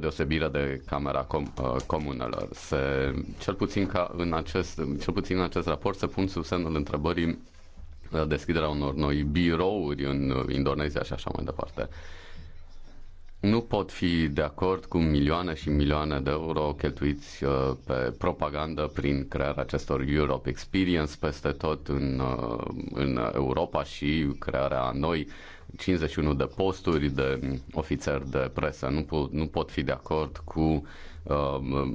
deosebire de Camera com- uh, Comunelor. Se, cel, puțin ca în acest, cel puțin în acest raport se pun sub semnul întrebării uh, deschiderea unor noi birouri în Indonezia și așa mai departe. Nu pot fi de acord cu milioane și milioane de euro cheltuiți uh, pe propagandă prin crearea acestor Europe Experience peste tot în, în Europa și crearea noi 51 de posturi de ofițeri de presă. Nu, po- nu pot fi de acord cu uh,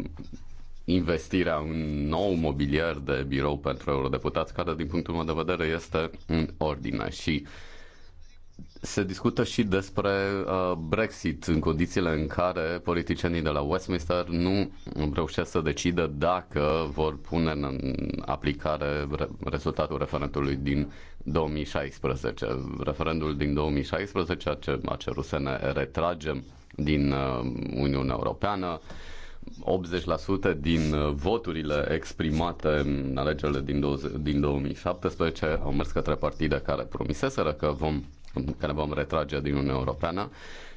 investirea în nou mobilier de birou pentru eurodeputați, care, din punctul meu de vedere, este în ordine și uh, se discută și despre uh, Brexit în condițiile în care politicienii de la Westminster nu reușesc să decidă dacă vor pune în aplicare rezultatul referendului din 2016. Referendul din 2016 a cerut să ne retragem din uh, Uniunea Europeană. 80% din uh, voturile exprimate în alegerile din, 20, din 2017 au mers către partide care promiseseră că vom care vom retrage din Uniunea Europeană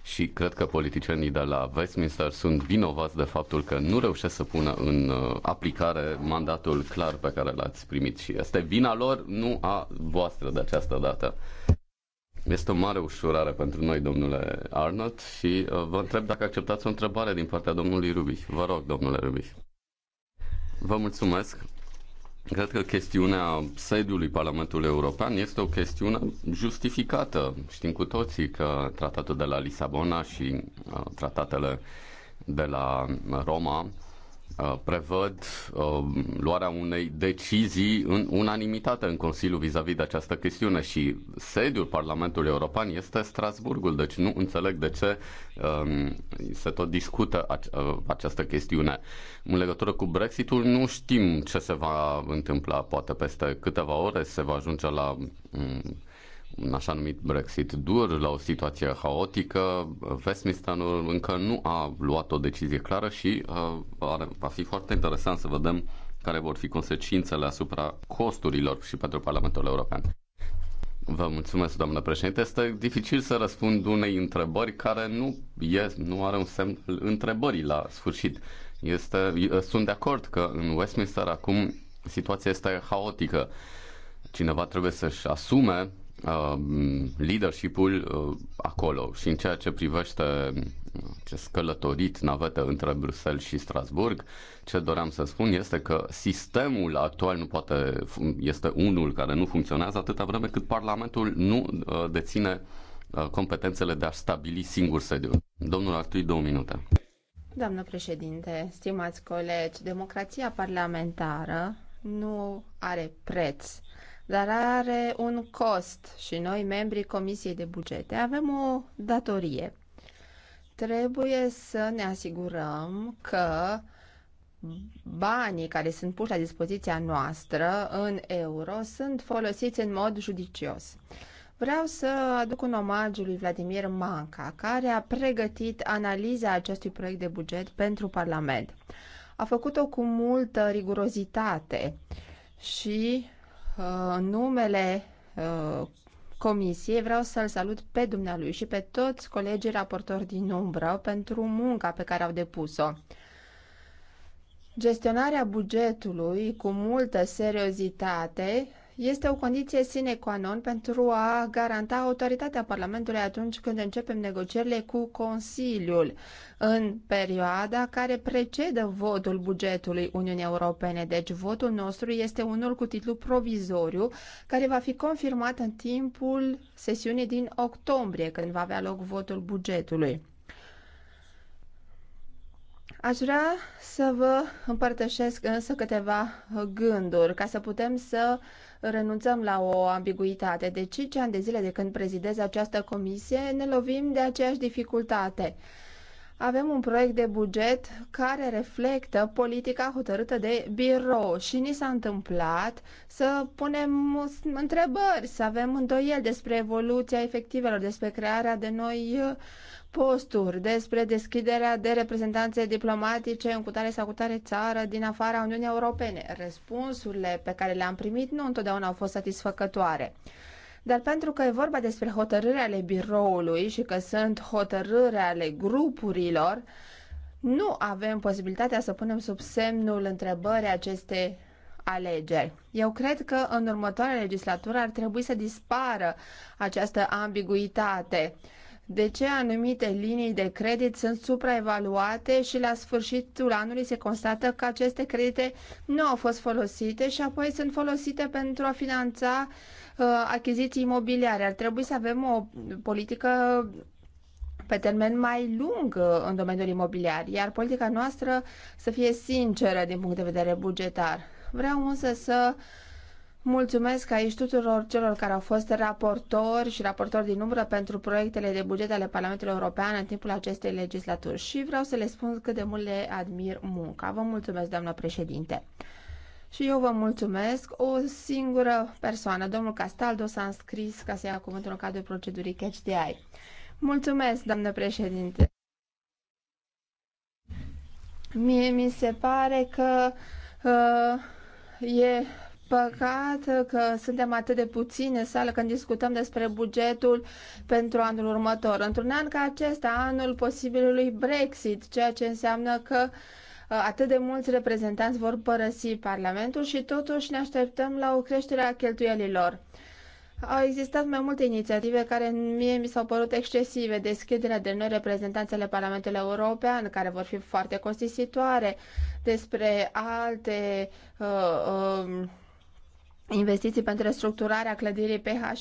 și cred că politicienii de la Westminster sunt vinovați de faptul că nu reușesc să pună în uh, aplicare mandatul clar pe care l-ați primit și este vina lor, nu a voastră de această dată. Este o mare ușurare pentru noi, domnule Arnold, și uh, vă întreb dacă acceptați o întrebare din partea domnului Rubich. Vă rog, domnule Rubich. Vă mulțumesc. Cred că chestiunea sediului Parlamentului European este o chestiune justificată. Știm cu toții că tratatul de la Lisabona și uh, tratatele de la Roma Uh, prevăd uh, luarea unei decizii în unanimitate în Consiliu vis-a-vis de această chestiune și sediul Parlamentului European este Strasburgul, deci nu înțeleg de ce um, se tot discută uh, această chestiune. În legătură cu Brexitul nu știm ce se va întâmpla, poate peste câteva ore se va ajunge la um, un așa numit Brexit dur, la o situație haotică. Westminsterul încă nu a luat o decizie clară și uh, are, va fi foarte interesant să vedem care vor fi consecințele asupra costurilor și pentru Parlamentul European. Vă mulțumesc, doamnă președinte. Este dificil să răspund unei întrebări care nu, e, nu are un semn întrebării la sfârșit. Este, sunt de acord că în Westminster acum situația este haotică. Cineva trebuie să-și asume Um, leadership-ul uh, acolo și în ceea ce privește uh, acest călătorit navetă între Bruxelles și Strasburg, ce doream să spun este că sistemul actual nu poate, este unul care nu funcționează atâta vreme cât Parlamentul nu uh, deține competențele de a stabili singur sediul. Domnul Artui, două minute. Doamnă președinte, stimați colegi, democrația parlamentară nu are preț dar are un cost și noi, membrii Comisiei de Bugete, avem o datorie. Trebuie să ne asigurăm că banii care sunt puși la dispoziția noastră în euro sunt folosiți în mod judicios. Vreau să aduc un omagiu lui Vladimir Manca, care a pregătit analiza acestui proiect de buget pentru Parlament. A făcut-o cu multă rigurozitate și Uh, în numele uh, comisiei vreau să-l salut pe dumnealui și pe toți colegii raportori din umbră pentru munca pe care au depus-o. Gestionarea bugetului cu multă seriozitate este o condiție sine qua non pentru a garanta autoritatea Parlamentului atunci când începem negocierile cu Consiliul în perioada care precedă votul bugetului Uniunii Europene. Deci votul nostru este unul cu titlu provizoriu care va fi confirmat în timpul sesiunii din octombrie când va avea loc votul bugetului. Aș vrea să vă împărtășesc însă câteva gânduri ca să putem să renunțăm la o ambiguitate. De 5 ani de zile de când prezidez această comisie ne lovim de aceeași dificultate. Avem un proiect de buget care reflectă politica hotărâtă de birou și ni s-a întâmplat să punem întrebări, să avem îndoieli despre evoluția efectivelor, despre crearea de noi posturi, despre deschiderea de reprezentanțe diplomatice în cutare sau cutare țară din afara Uniunii Europene. Răspunsurile pe care le-am primit nu întotdeauna au fost satisfăcătoare. Dar pentru că e vorba despre hotărâri ale biroului și că sunt hotărâri ale grupurilor, nu avem posibilitatea să punem sub semnul întrebării aceste alegeri. Eu cred că în următoarea legislatură ar trebui să dispară această ambiguitate de ce anumite linii de credit sunt supraevaluate și la sfârșitul anului se constată că aceste credite nu au fost folosite și apoi sunt folosite pentru a finanța uh, achiziții imobiliare. Ar trebui să avem o politică pe termen mai lung uh, în domeniul imobiliar, iar politica noastră să fie sinceră din punct de vedere bugetar. Vreau însă să uh, Mulțumesc aici tuturor celor care au fost raportori și raportori din umbră pentru proiectele de buget ale Parlamentului European în timpul acestei legislaturi și vreau să le spun cât de mult le admir munca. Vă mulțumesc, doamnă președinte. Și eu vă mulțumesc. O singură persoană, domnul Castaldo, s-a înscris ca să ia cuvântul în cadrul procedurii Catch the Eye. Mulțumesc, doamnă președinte. Mie mi se pare că uh, e Păcat că suntem atât de puțini în sală când discutăm despre bugetul pentru anul următor. Într-un an ca acesta, anul posibilului Brexit, ceea ce înseamnă că uh, atât de mulți reprezentanți vor părăsi Parlamentul și totuși ne așteptăm la o creștere a cheltuielilor. Au existat mai multe inițiative care mie mi s-au părut excesive, deschiderea de noi reprezentanțele Parlamentului European, care vor fi foarte costisitoare, despre alte uh, uh, investiții pentru restructurarea clădirii PHS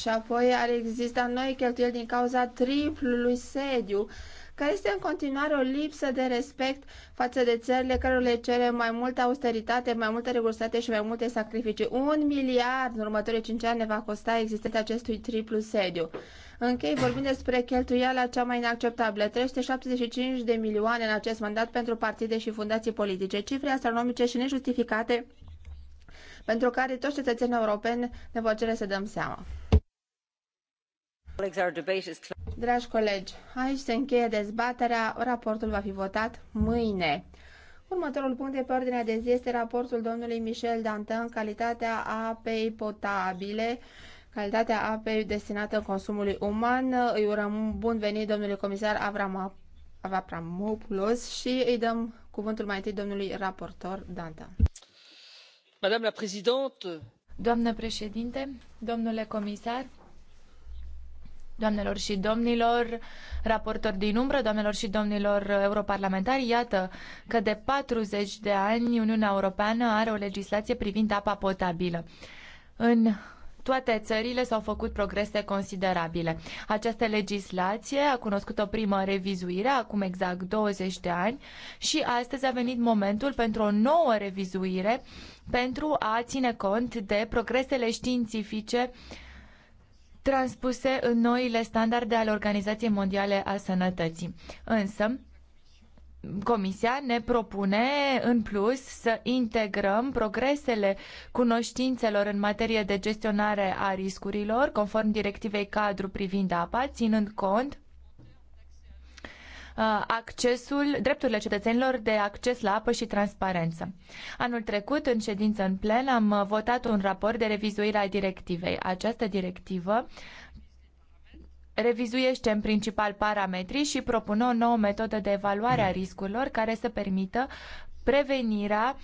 și apoi ar exista noi cheltuieli din cauza triplului sediu, care este în continuare o lipsă de respect față de țările care le cere mai multă austeritate, mai multă regulsate și mai multe sacrificii. Un miliard în următorii cinci ani ne va costa existența acestui triplu sediu. Închei vorbind despre cheltuiala cea mai inacceptabilă, 375 de milioane în acest mandat pentru partide și fundații politice, cifre astronomice și nejustificate pentru care toți cetățenii europeni ne vor cere să dăm seama. Dragi colegi, aici se încheie dezbaterea, raportul va fi votat mâine. Următorul punct de pe ordinea de zi este raportul domnului Michel Dantin, calitatea apei potabile, calitatea apei destinată consumului uman. Îi urăm bun venit domnului comisar Avram Avapramopoulos și îi dăm cuvântul mai întâi domnului raportor Dantin doamnă președinte domnule comisar doamnelor și domnilor raportori din umbră, doamnelor și domnilor europarlamentari, iată că de patruzeci de ani Uniunea Europeană are o legislație privind apa potabilă. În toate țările s-au făcut progrese considerabile. Această legislație a cunoscut o primă revizuire acum exact 20 de ani și astăzi a venit momentul pentru o nouă revizuire pentru a ține cont de progresele științifice transpuse în noile standarde ale Organizației Mondiale a Sănătății. Însă, Comisia ne propune, în plus, să integrăm progresele cunoștințelor în materie de gestionare a riscurilor, conform directivei cadru privind apa, ținând cont uh, accesul, drepturile cetățenilor de acces la apă și transparență. Anul trecut, în ședință în plen, am uh, votat un raport de revizuire a directivei. Această directivă revizuiește în principal parametrii și propune o nouă metodă de evaluare a riscurilor care să permită prevenirea uh,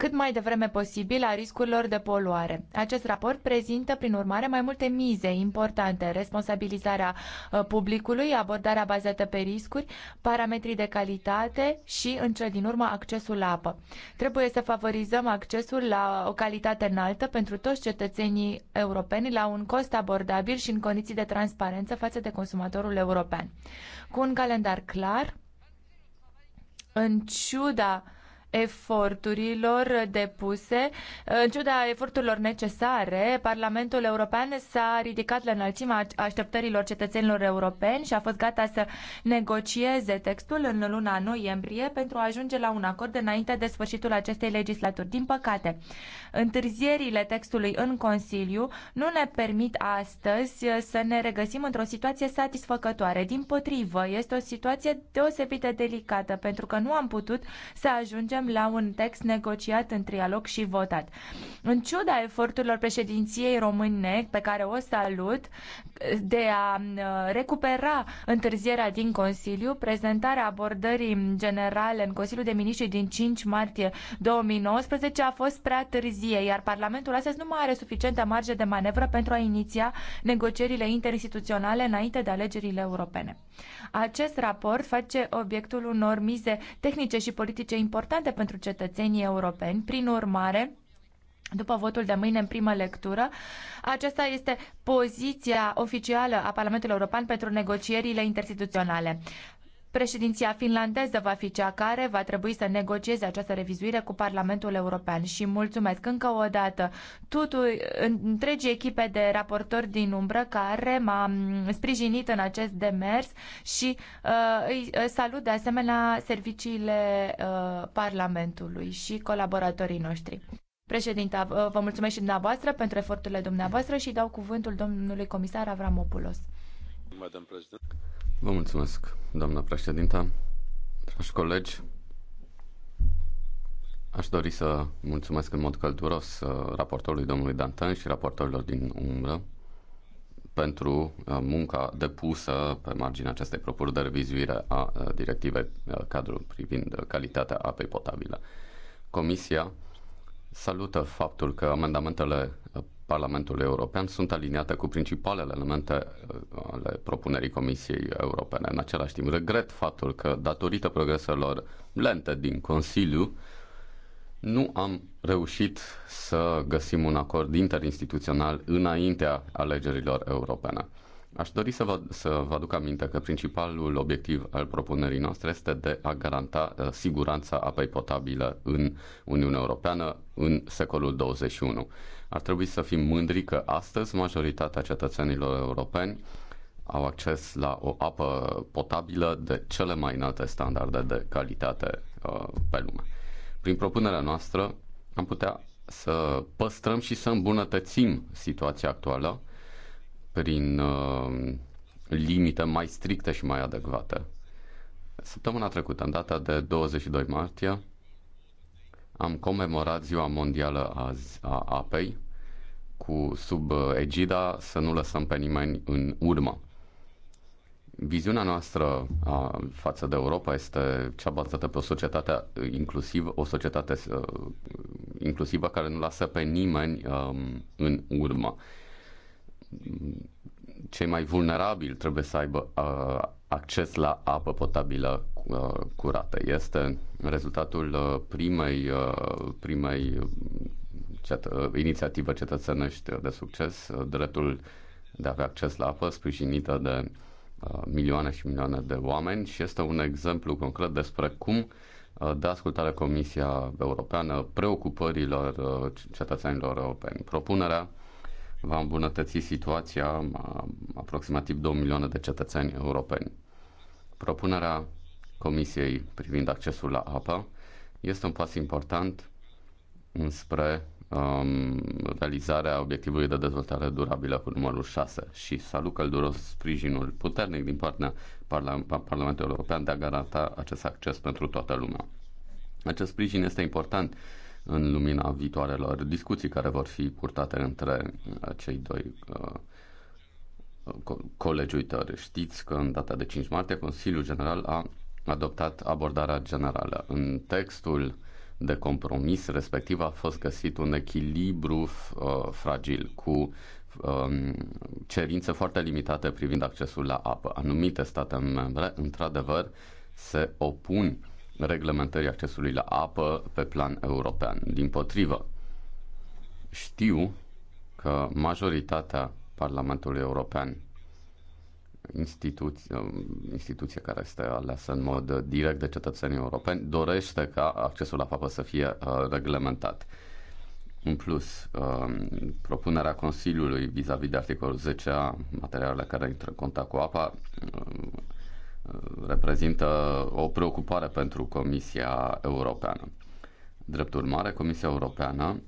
cât mai devreme posibil a riscurilor de poluare. Acest raport prezintă, prin urmare, mai multe mize importante, responsabilizarea uh, publicului, abordarea bazată pe riscuri, parametrii de calitate și, în cele din urmă, accesul la apă. Trebuie să favorizăm accesul la o calitate înaltă pentru toți cetățenii europeni, la un cost abordabil și în condiții de transparență față de consumatorul european. Cu un calendar clar, în ciuda uh, eforturilor depuse, în ciuda eforturilor necesare, Parlamentul European s-a ridicat la înălțimea așteptărilor cetățenilor europeni și a fost gata să negocieze textul în luna noiembrie pentru a ajunge la un acord înainte de sfârșitul acestei legislaturi. Din păcate, întârzierile textului în Consiliu nu ne permit astăzi să ne regăsim într-o situație satisfăcătoare. Din potrivă, este o situație deosebit de delicată pentru că nu am putut să ajungem ajungem la un text negociat în trialog și votat. În ciuda eforturilor președinției române, pe care o salut, de a uh, recupera întârzierea din Consiliu, prezentarea abordării generale în Consiliul de Miniștri din 5 martie 2019 a fost prea târzie, iar Parlamentul astăzi nu mai are suficientă marge de manevră pentru a iniția negocierile interinstituționale înainte de alegerile europene. Acest raport face obiectul unor mize tehnice și politice importante importante pentru cetățenii europeni. Prin urmare, după votul de mâine în primă lectură. Aceasta este poziția oficială a Parlamentului European pentru negocierile instituționale. Președinția finlandeză va fi cea care va trebui să negocieze această revizuire cu Parlamentul European și mulțumesc încă o dată tutui, întregii echipe de raportori din umbră care m-a sprijinit în acest demers și uh, îi uh, salut de asemenea serviciile uh, Parlamentului și colaboratorii noștri. Președinta, uh, vă mulțumesc și dumneavoastră pentru eforturile dumneavoastră și dau cuvântul domnului comisar Avramopoulos. President. Vă mulțumesc, doamna președinta. Dragi colegi, aș dori să mulțumesc în mod călduros uh, raportorului domnului Dantan și raportorilor din umbră pentru uh, munca depusă pe marginea acestei propuneri de revizuire a uh, directivei cadru privind calitatea apei potabile. Comisia salută faptul că amendamentele Parlamentului European sunt aliniate cu principalele elemente uh, ale propunerii Comisiei Europene. În același timp, regret faptul că, datorită progreselor lente din Consiliu, nu am reușit să găsim un acord interinstituțional înaintea alegerilor europene. Aș dori să vă, să vă aduc aminte că principalul obiectiv al propunerii noastre este de a garanta uh, siguranța apei potabile în Uniunea Europeană în secolul 21. Ar trebui să fim mândri că astăzi majoritatea cetățenilor europeni au acces la o apă potabilă de cele mai înalte standarde de calitate uh, pe lume. Prin propunerea noastră am putea să păstrăm și să îmbunătățim situația actuală prin uh, limite mai stricte și mai adecvate. Săptămâna trecută, în data de 22 martie, am comemorat Ziua Mondială a, a Apei cu sub uh, egida să nu lăsăm pe nimeni în urmă. Viziunea noastră a, față de Europa este cea bazată pe o societate uh, inclusivă, o societate uh, inclusivă care nu lasă pe nimeni um, în urmă. Cei mai vulnerabili trebuie să aibă uh, acces la apă potabilă Uh, curată. Este rezultatul uh, primei, uh, primei cet- inițiative cetățenești de succes, dreptul de a avea acces la apă, sprijinită de milioane și milioane de oameni și este un exemplu concret despre cum de ascultare Comisia Europeană preocupărilor cetățenilor europeni. Propunerea va îmbunătăți situația aproximativ 2 milioane de cetățeni europeni. Propunerea Comisiei privind accesul la apă este un pas important înspre um, realizarea obiectivului de dezvoltare durabilă cu numărul 6 și salut călduros sprijinul puternic din partea Parlam- Parlamentului European de a garanta acest acces pentru toată lumea. Acest sprijin este important în lumina viitoarelor discuții care vor fi purtate între uh, cei doi uh, co- colegi uitări. Știți că în data de 5 martie Consiliul General a adoptat abordarea generală. În textul de compromis respectiv a fost găsit un echilibru uh, fragil cu um, cerințe foarte limitate privind accesul la apă. Anumite state membre, într-adevăr, se opun reglementării accesului la apă pe plan european. Din potrivă, știu că majoritatea Parlamentului European instituție, um, instituție care este aleasă în mod direct de cetățenii europeni, dorește ca accesul la papă să fie uh, reglementat. În plus, um, propunerea Consiliului vis-a-vis -vis de articolul 10a, materialele care intră în contact cu apa, um, reprezintă o preocupare pentru Comisia Europeană. Drept urmare, Comisia Europeană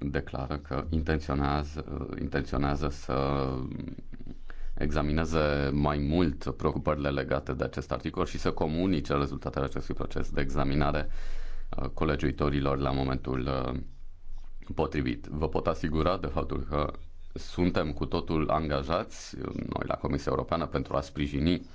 declară că intenționează, intenționează să examineze mai mult preocupările legate de acest articol și să comunice rezultatele acestui proces de examinare uh, colegiuitorilor la momentul uh, potrivit. Vă pot asigura de faptul că suntem cu totul angajați, uh, noi la Comisia Europeană, pentru a sprijini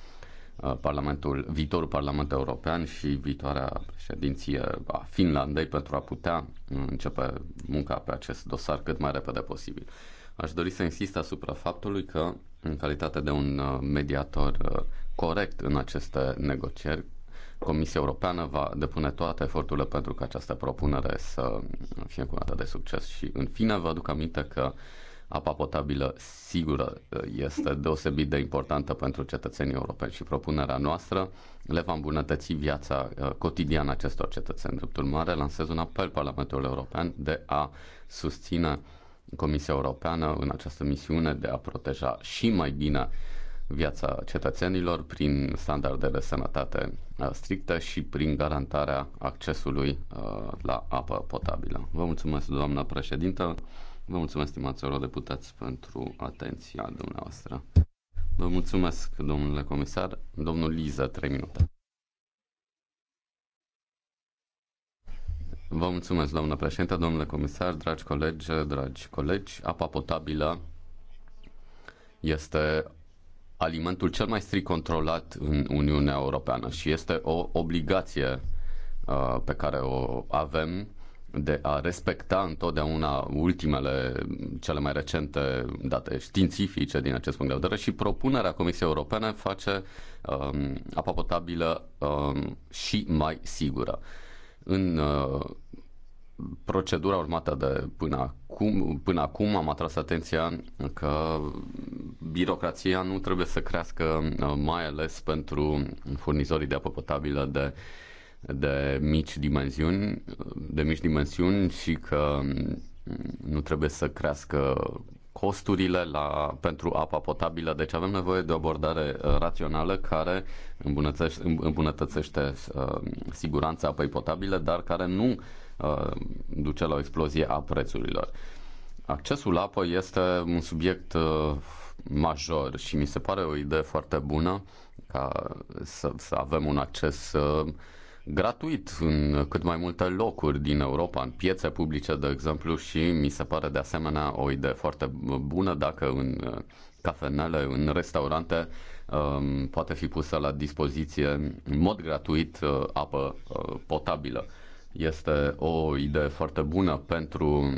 Parlamentul, viitorul Parlament European și viitoarea președinție a Finlandei pentru a putea începe munca pe acest dosar cât mai repede posibil. Aș dori să insist asupra faptului că, în calitate de un uh, mediator uh, corect în aceste negocieri, Comisia Europeană va depune toate eforturile pentru ca această propunere să fie curată de succes și, în fine, vă aduc aminte că apa potabilă sigură uh, este deosebit de importantă pentru cetățenii europeni și propunerea noastră le va îmbunătăți viața cotidiană acestor cetățeni. Drept urmare, lansez un apel Parlamentului European de a susține Comisia Europeană în această misiune de a proteja și mai bine viața cetățenilor prin standarde de sănătate uh, stricte și prin garantarea accesului uh, la apă potabilă. Vă mulțumesc, doamna președintă. Vă mulțumesc, stimați eurodeputați, pentru atenția dumneavoastră. Vă mulțumesc, domnule comisar. Domnul Liza, 3 minute. Vă mulțumesc, doamnă președinte, domnule comisar, dragi colegi, dragi colegi. Apa potabilă este alimentul cel mai strict controlat în Uniunea Europeană și este o obligație uh, pe care o avem de a respecta întotdeauna ultimele, cele mai recente date științifice din acest punct de vedere și propunerea Comisiei Europene face um, apa potabilă um, și mai sigură. În uh, procedura urmată de până acum, până acum am atras atenția că birocrația nu trebuie să crească uh, mai ales pentru furnizorii de apă potabilă de de mici dimensiuni, de mici dimensiuni și că nu trebuie să crească costurile la, pentru apa potabilă. Deci avem nevoie de o abordare uh, rațională care îmbunătățește, îmbunătățește uh, siguranța apei potabile, dar care nu uh, duce la o explozie a prețurilor. Accesul la apă este un subiect major și mi se pare o idee foarte bună ca să, să avem un acces uh, gratuit în cât mai multe locuri din Europa, în piețe publice, de exemplu, și mi se pare de asemenea o idee foarte bună dacă în uh, cafenele, în restaurante, um, poate fi pusă la dispoziție în mod gratuit uh, apă uh, potabilă. Este o idee foarte bună pentru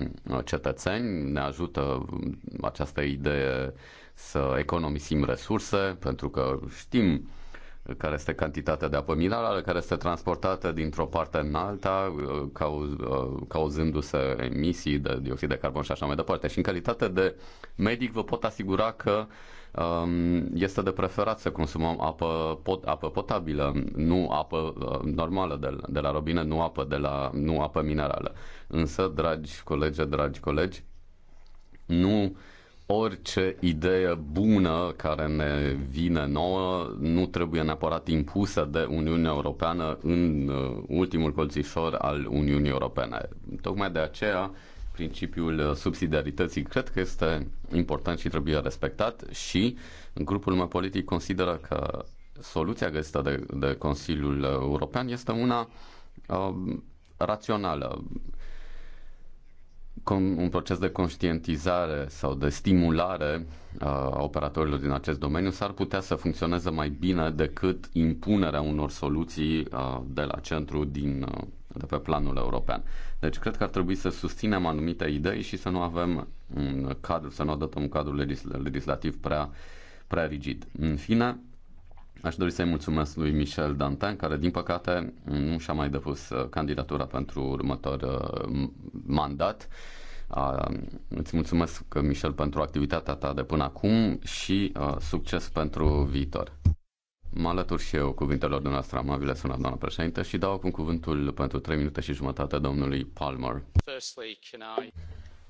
cetățeni, ne ajută um, această idee să economisim resurse, pentru că știm care este cantitatea de apă minerală, care este transportată dintr-o parte în alta, uh, uh, cauzându-se emisii de dioxid de carbon și așa mai departe. Și în calitate de medic vă pot asigura că um, este de preferat să consumăm apă, pot, apă potabilă, nu apă uh, normală de, de la robină, nu apă, de la, nu apă minerală. Însă, dragi colegi, dragi colegi, nu orice idee bună care ne vine nouă nu trebuie neapărat impusă de Uniunea Europeană în uh, ultimul colțișor al Uniunii Europene. Tocmai de aceea principiul subsidiarității cred că este important și trebuie respectat și grupul meu politic consideră că soluția găsită de, de Consiliul European este una uh, rațională un proces de conștientizare sau de stimulare a operatorilor din acest domeniu s-ar putea să funcționeze mai bine decât impunerea unor soluții de la centru din, de pe planul european. Deci cred că ar trebui să susținem anumite idei și să nu avem un cadru, să nu adoptăm un cadru legislativ prea, prea rigid. În fine, Aș dori să-i mulțumesc lui Michel Dantin, care din păcate nu și-a mai depus uh, candidatura pentru următor uh, mandat. Îți mulțumesc, uh, Michel, pentru activitatea ta de până acum și succes pentru viitor. Mă alătur și eu cuvintelor dumneavoastră amabile, sunat doamna președinte, și dau acum cuvântul pentru 3 minute și jumătate domnului Palmer.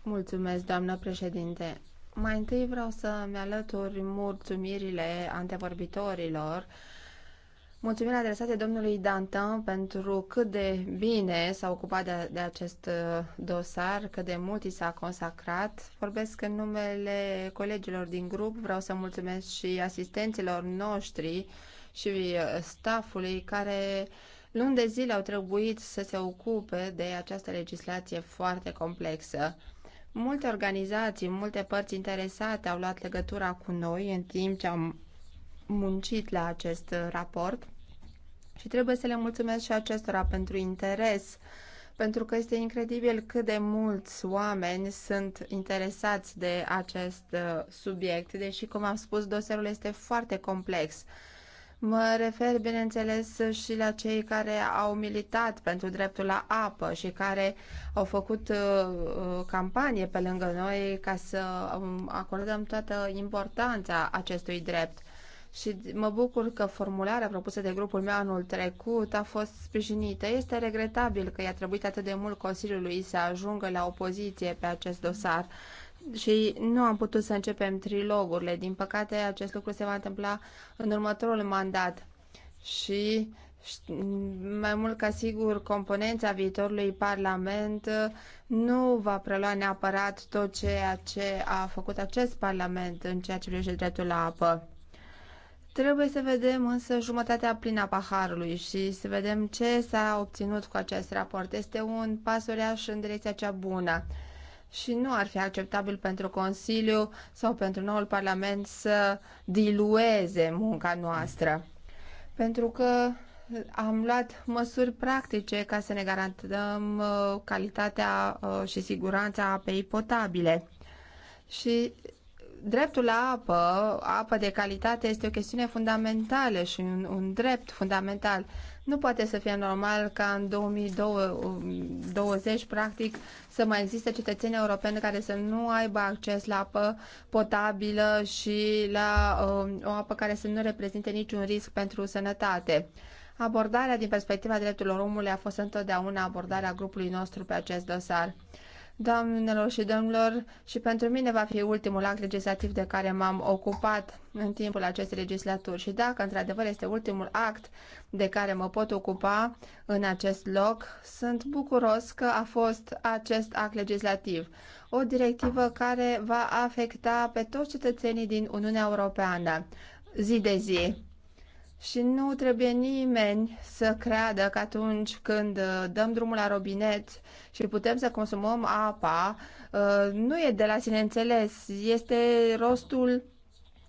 Mulțumesc, doamna președinte. Mai întâi vreau să-mi alătur mulțumirile antevorbitorilor Mulțumirea adresate domnului Dantin pentru cât de bine s-a ocupat de, de acest uh, dosar, cât de mult i s-a consacrat. Vorbesc în numele colegilor din grup, vreau să mulțumesc și asistenților noștri și uh, staffului care luni de zile au trebuit să se ocupe de această legislație foarte complexă. Multe organizații, multe părți interesate au luat legătura cu noi în timp ce am muncit la acest raport și trebuie să le mulțumesc și acestora pentru interes, pentru că este incredibil cât de mulți oameni sunt interesați de acest uh, subiect, deși, cum am spus, dosarul este foarte complex Mă refer, bineînțeles, și la cei care au militat pentru dreptul la apă și care au făcut uh, uh, campanie pe lângă noi ca să um, acordăm toată importanța acestui drept. Și mă bucur că formularea propusă de grupul meu anul trecut a fost sprijinită. Este regretabil că i-a trebuit atât de mult Consiliului să ajungă la opoziție pe acest dosar și nu am putut să începem trilogurile. Din păcate, acest lucru se va întâmpla în următorul mandat și mai mult ca sigur, componența viitorului Parlament nu va prelua neapărat tot ceea ce a făcut acest Parlament în ceea ce privește dreptul la apă. Trebuie să vedem însă jumătatea plină a paharului și să vedem ce s-a obținut cu acest raport. Este un pas uriaș în direcția cea bună și nu ar fi acceptabil pentru Consiliu sau pentru noul Parlament să dilueze munca noastră. Pentru că am luat măsuri practice ca să ne garantăm uh, calitatea uh, și siguranța apei potabile. Și Dreptul la apă, apă de calitate, este o chestiune fundamentală și un, un drept fundamental. Nu poate să fie normal ca în 2020, practic, să mai existe cetățeni europeni care să nu aibă acces la apă potabilă și la uh, o apă care să nu reprezinte niciun risc pentru sănătate. Abordarea din perspectiva drepturilor omului a fost întotdeauna abordarea grupului nostru pe acest dosar. Doamnelor și domnilor, și pentru mine va fi ultimul act legislativ de care m-am ocupat în timpul acestei legislaturi și dacă într-adevăr este ultimul act de care mă pot ocupa în acest loc, sunt bucuros că a fost acest act legislativ, o directivă care va afecta pe toți cetățenii din Uniunea Europeană zi de zi. Și nu trebuie nimeni să creadă că atunci când uh, dăm drumul la robinet și putem să consumăm apa, uh, nu e de la sine înțeles. Este rostul,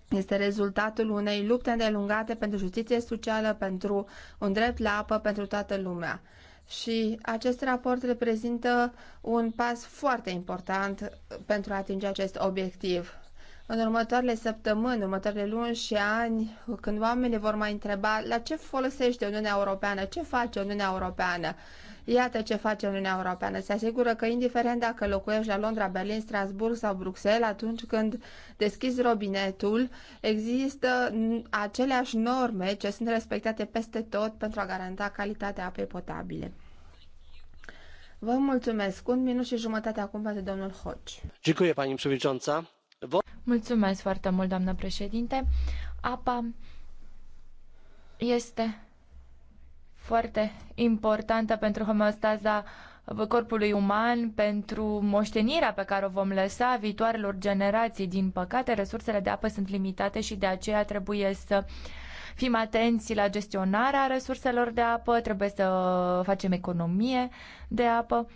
este rezultatul unei lupte îndelungate pentru justiție socială, pentru un drept la apă pentru toată lumea. Și acest raport reprezintă un pas foarte important pentru a atinge acest obiectiv în următoarele săptămâni, următoarele luni și ani, când oamenii vor mai întreba la ce folosește Uniunea Europeană, ce face Uniunea Europeană, Iată ce face Uniunea Europeană. Se asigură că, indiferent dacă locuiești la Londra, Berlin, Strasburg sau Bruxelles, atunci când deschizi robinetul, există aceleași norme ce sunt respectate peste tot pentru a garanta calitatea apei potabile. Vă mulțumesc. Un minut și jumătate acum pentru domnul Hoci. Dziękuję, pani przewodnicząca. Mulțumesc foarte mult, doamnă președinte. APA este foarte importantă pentru homeostaza corpului uman, pentru moștenirea pe care o vom lăsa viitoarelor generații. Din păcate, resursele de apă sunt limitate și de aceea trebuie să fim atenți la gestionarea resurselor de apă, trebuie să facem economie de apă.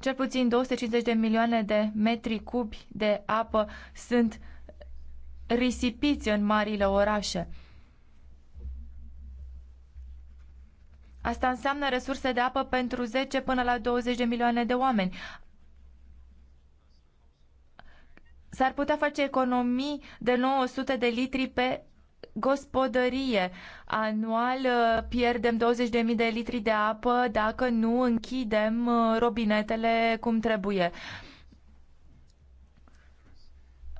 Cel puțin 250 de milioane de metri cubi de apă sunt risipiți în marile orașe. Asta înseamnă resurse de apă pentru 10 până la 20 de milioane de oameni. S-ar putea face economii de 900 de litri pe gospodărie. Anual uh, pierdem 20.000 de litri de apă dacă nu închidem uh, robinetele cum trebuie.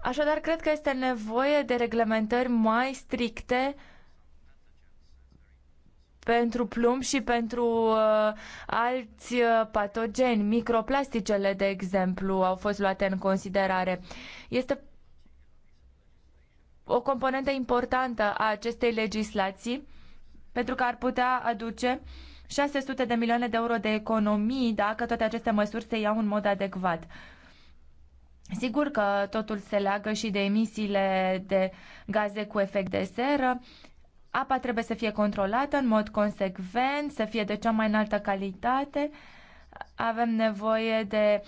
Așadar, cred că este nevoie de reglementări mai stricte pentru plumb și pentru uh, alți uh, patogeni. Microplasticele, de exemplu, au fost luate în considerare. Este o componentă importantă a acestei legislații, pentru că ar putea aduce 600 de milioane de euro de economii dacă toate aceste măsuri se iau în mod adecvat. Sigur că totul se leagă și de emisiile de gaze cu efect de seră. Apa trebuie să fie controlată în mod consecvent, să fie de cea mai înaltă calitate. Avem nevoie de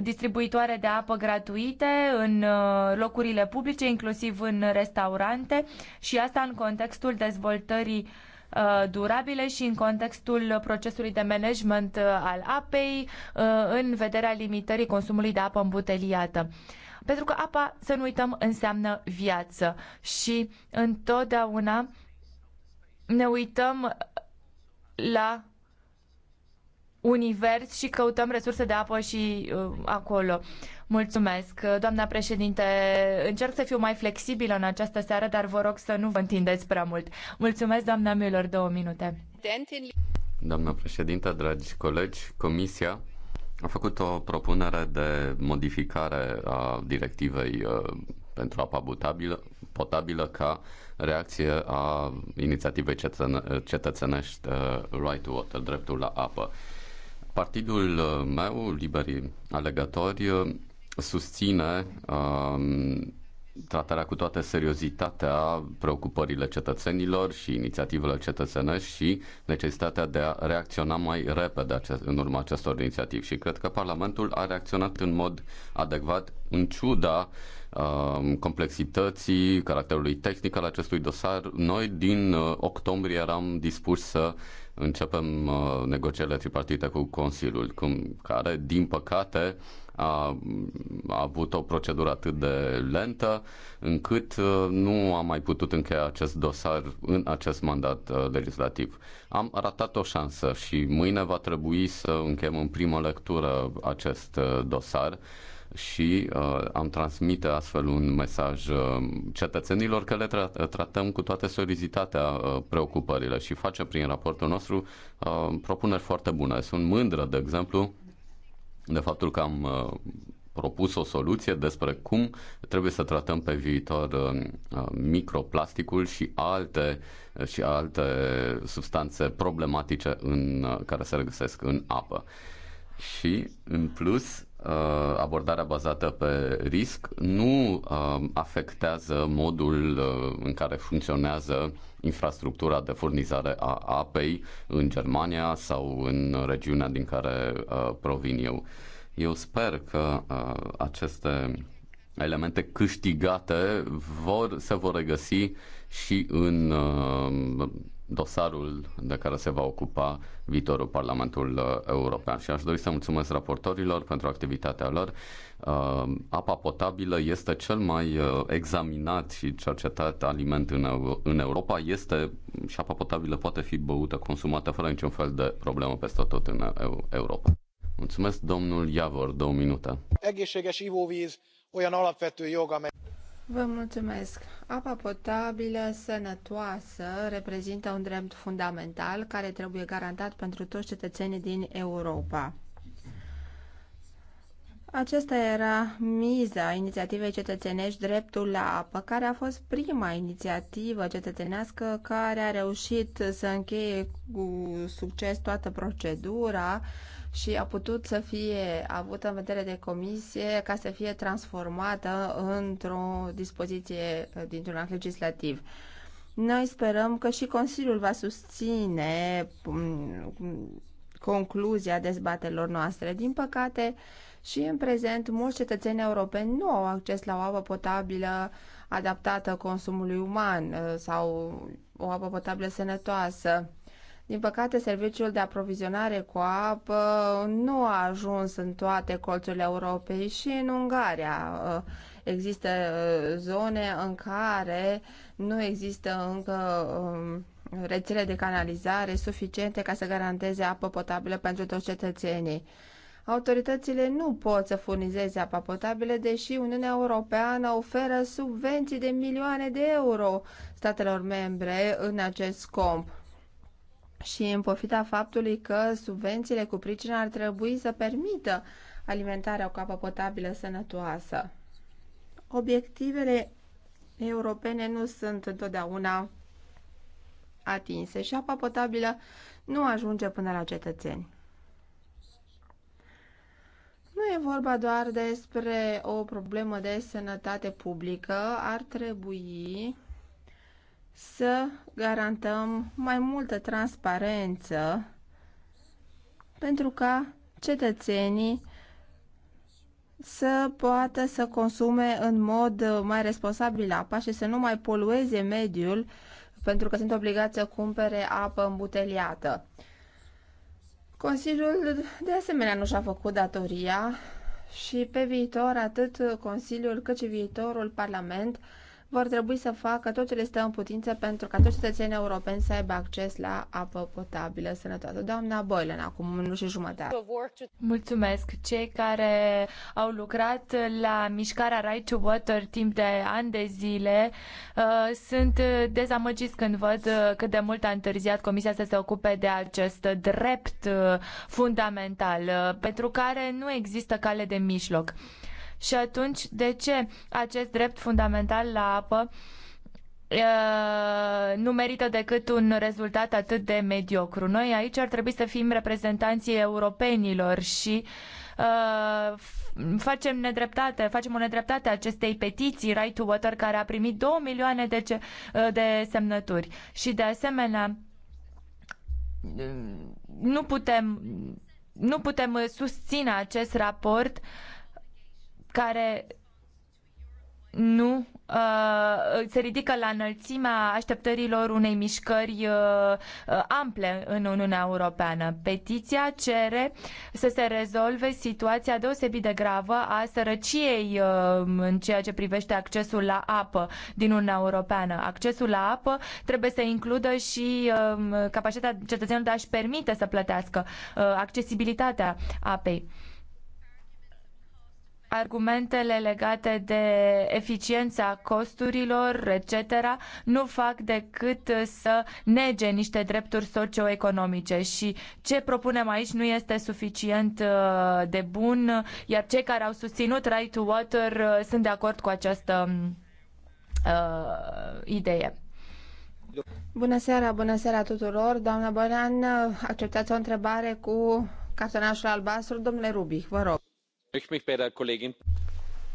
distribuitoare de apă gratuite în uh, locurile publice, inclusiv în restaurante și asta în contextul dezvoltării uh, durabile și în contextul procesului de management uh, al apei în vederea limitării consumului de apă îmbuteliată. Pentru că apa, să nu uităm, înseamnă viață și întotdeauna ne uităm la univers și căutăm resurse de apă și uh, acolo. Mulțumesc, doamna președinte. Încerc să fiu mai flexibilă în această seară, dar vă rog să nu vă întindeți prea mult. Mulțumesc, doamna Müller, două minute. Doamna președinte, dragi colegi, Comisia a făcut o propunere de modificare a directivei uh, pentru apa potabilă, potabilă ca reacție a inițiativei cetățenești uh, Right to Water, dreptul la apă. Partidul uh, meu, Liberii Alegători, uh, susține um, tratarea cu toată seriozitatea preocupările cetățenilor și inițiativele cetățenești și necesitatea de a reacționa mai repede în urma acestor inițiativ. Și cred că Parlamentul a reacționat în mod adecvat în ciuda uh, Um, complexității, caracterului tehnic al acestui dosar. Noi din uh, octombrie eram dispuși să începem uh, negocierile tripartite cu Consiliul, cum, care, din păcate, a, a avut o procedură atât de lentă încât uh, nu am mai putut încheia acest dosar în acest mandat legislativ. Am ratat o șansă și mâine va trebui să încheiem în primă lectură acest dosar și uh, am transmite astfel un mesaj uh, cetățenilor că le tra- uh, tratăm cu toată solizitatea uh, preocupările și facem prin raportul nostru uh, propuneri foarte bune. Sunt mândră, de exemplu, de faptul că am uh, propus o soluție despre cum trebuie să tratăm pe viitor uh, uh microplasticul și alte uh, și alte substanțe problematice în, uh, care se regăsesc în apă. Și, în plus, Uh, abordarea bazată pe risc nu uh, afectează modul uh, în care funcționează infrastructura de furnizare a apei în Germania sau în regiunea din care provin eu. Eu sper că aceste elemente câștigate vor, se vor regăsi și în dosarul de care se va ocupa viitorul Parlamentul uh, European. Și aș dori să mulțumesc raportorilor pentru activitatea lor. Uh, apa potabilă este cel mai uh, examinat și cercetat aliment în Europa. Este și apa potabilă poate fi băută, consumată fără niciun fel de problemă peste tot în Europa. Mulțumesc, domnul Iavor, două minute. Vă mulțumesc. Apa potabilă sănătoasă reprezintă un drept fundamental care trebuie garantat pentru toți cetățenii din Europa. Acesta era miza inițiativei cetățenești Dreptul la apă, care a fost prima inițiativă cetățenească care a reușit să încheie cu succes toată procedura și a putut să fie avută în vedere de comisie ca să fie transformată într-o dispoziție uh, dintr-un act legislativ. Noi sperăm că și Consiliul va susține um, concluzia dezbatelor noastre. Din păcate, și în prezent, mulți cetățeni europeni nu au acces la o apă potabilă adaptată consumului uman uh, sau o apă potabilă sănătoasă. Din păcate, serviciul de aprovizionare cu apă nu a ajuns în toate colțurile Europei și în Ungaria. Uh, există uh, zone în care nu există încă um, rețele de canalizare suficiente ca să garanteze apă potabilă pentru toți cetățenii. Autoritățile nu pot să furnizeze apa potabilă, deși Uniunea Europeană oferă subvenții de milioane de euro statelor membre în acest scop și în pofita faptului că subvențiile cu pricina ar trebui să permită alimentarea cu apă potabilă sănătoasă. Obiectivele europene nu sunt întotdeauna atinse și apa potabilă nu ajunge până la cetățeni. Nu e vorba doar despre o problemă de sănătate publică, ar trebui să garantăm mai multă transparență pentru ca cetățenii să poată să consume în mod mai responsabil apa și să nu mai polueze mediul pentru că sunt obligați să cumpere apă îmbuteliată. Consiliul de asemenea nu și-a făcut datoria și pe viitor atât Consiliul cât și viitorul Parlament vor trebui să facă tot ce le stă în putință pentru ca toți cetățenii europeni să aibă acces la apă potabilă sănătoasă. Doamna Boylan, acum nu și jumătate. Mulțumesc! Cei care au lucrat la mișcarea Right to Water timp de ani de zile uh, sunt dezamăgiți când văd uh, cât de mult a întârziat Comisia să se ocupe de acest drept uh, fundamental, uh, pentru care nu există cale de mijloc. Și atunci, de ce acest drept fundamental la apă nu merită decât un rezultat atât de mediocru. Noi aici ar trebui să fim reprezentanții europenilor și uh, facem nedreptate, facem o nedreptate acestei petiții Right to Water care a primit 2 milioane de, ce, de semnături. Și de asemenea nu putem nu putem susține acest raport uh, care nu uh, se ridică la înălțimea așteptărilor unei mișcări uh, uh, ample în Uniunea Europeană. Petiția cere să se rezolve situația deosebit de gravă a sărăciei în ceea ce privește accesul la apă din Uniunea Europeană. Accesul la apă trebuie să includă și um, capacitatea cetățenilor de a-și permite să plătească accesibilitatea apei argumentele legate de eficiența costurilor, etc., nu fac decât să nege niște drepturi socioeconomice și ce propunem aici nu este suficient uh, de bun, iar cei care au susținut Right to Water uh, sunt de acord cu această um, uh, idee. Bună seara, bună seara tuturor. Doamna Bălan, uh, acceptați o întrebare cu cartonașul albastru. Domnule Rubic, vă rog.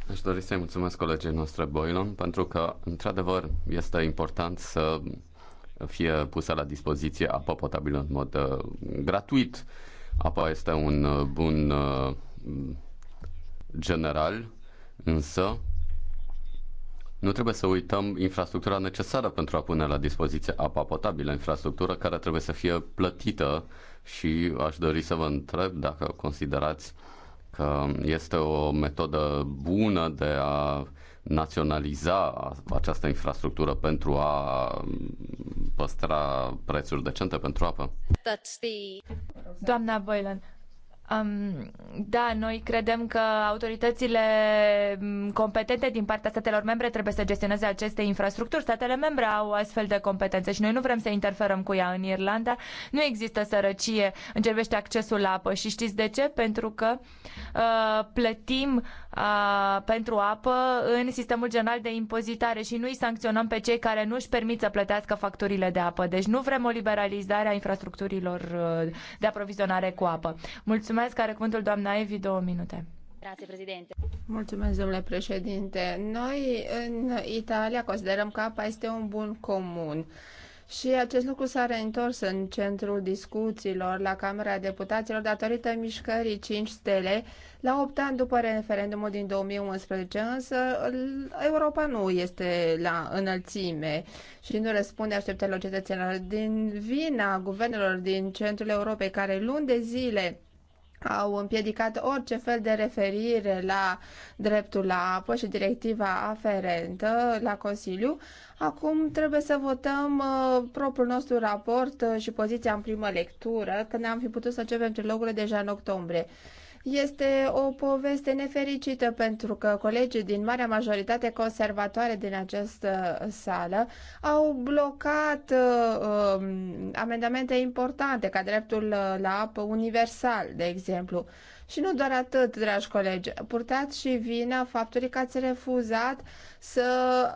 Aș dori să-i mulțumesc colegii noastre boilon, pentru că, într-adevăr, este important să fie pusă la dispoziție apă potabilă în mod uh, gratuit. Apa este un uh, bun uh, general, însă nu trebuie să uităm infrastructura necesară pentru a pune la dispoziție apa potabilă, infrastructură care trebuie să fie plătită și aș dori să vă întreb dacă considerați uh, că este o metodă bună de a naționaliza această infrastructură pentru a păstra prețuri decente pentru apă? Doamna Boylan, Um, da, noi credem că autoritățile competente din partea statelor membre trebuie să gestioneze aceste infrastructuri. Statele membre au astfel de competențe și noi nu vrem să interferăm cu ea. În Irlanda nu există sărăcie în ce accesul la apă și știți de ce? Pentru că uh, plătim uh, a, pentru apă în sistemul general de impozitare și nu îi sancționăm pe cei care nu își permit să plătească facturile de apă. Deci nu vrem o liberalizare a infrastructurilor de aprovizionare cu apă. Mulțumesc, are cuvântul doamna Evi, două minute. Grazie, Mulțumesc, domnule președinte. Noi în Italia considerăm că apa este un bun comun și acest lucru s-a reîntors în centrul discuțiilor la Camera Deputaților datorită mișcării 5 stele. La 8 ani după referendumul din 2011, însă Europa nu este la înălțime și nu răspunde așteptărilor cetățenilor. Din vina guvernelor din centrul Europei, care luni de zile au împiedicat orice fel de referire la dreptul la apă și directiva aferentă la Consiliu. Acum trebuie să votăm uh, propriul nostru raport uh, și poziția în primă lectură, când am fi putut să începem trilogurile deja în octombrie. Este o poveste nefericită pentru că colegii din marea majoritate conservatoare din această uh, sală au blocat uh, um, amendamente importante ca dreptul uh, la apă universal, de exemplu. Și nu doar atât, dragi colegi, purtați și vina faptului că ați refuzat să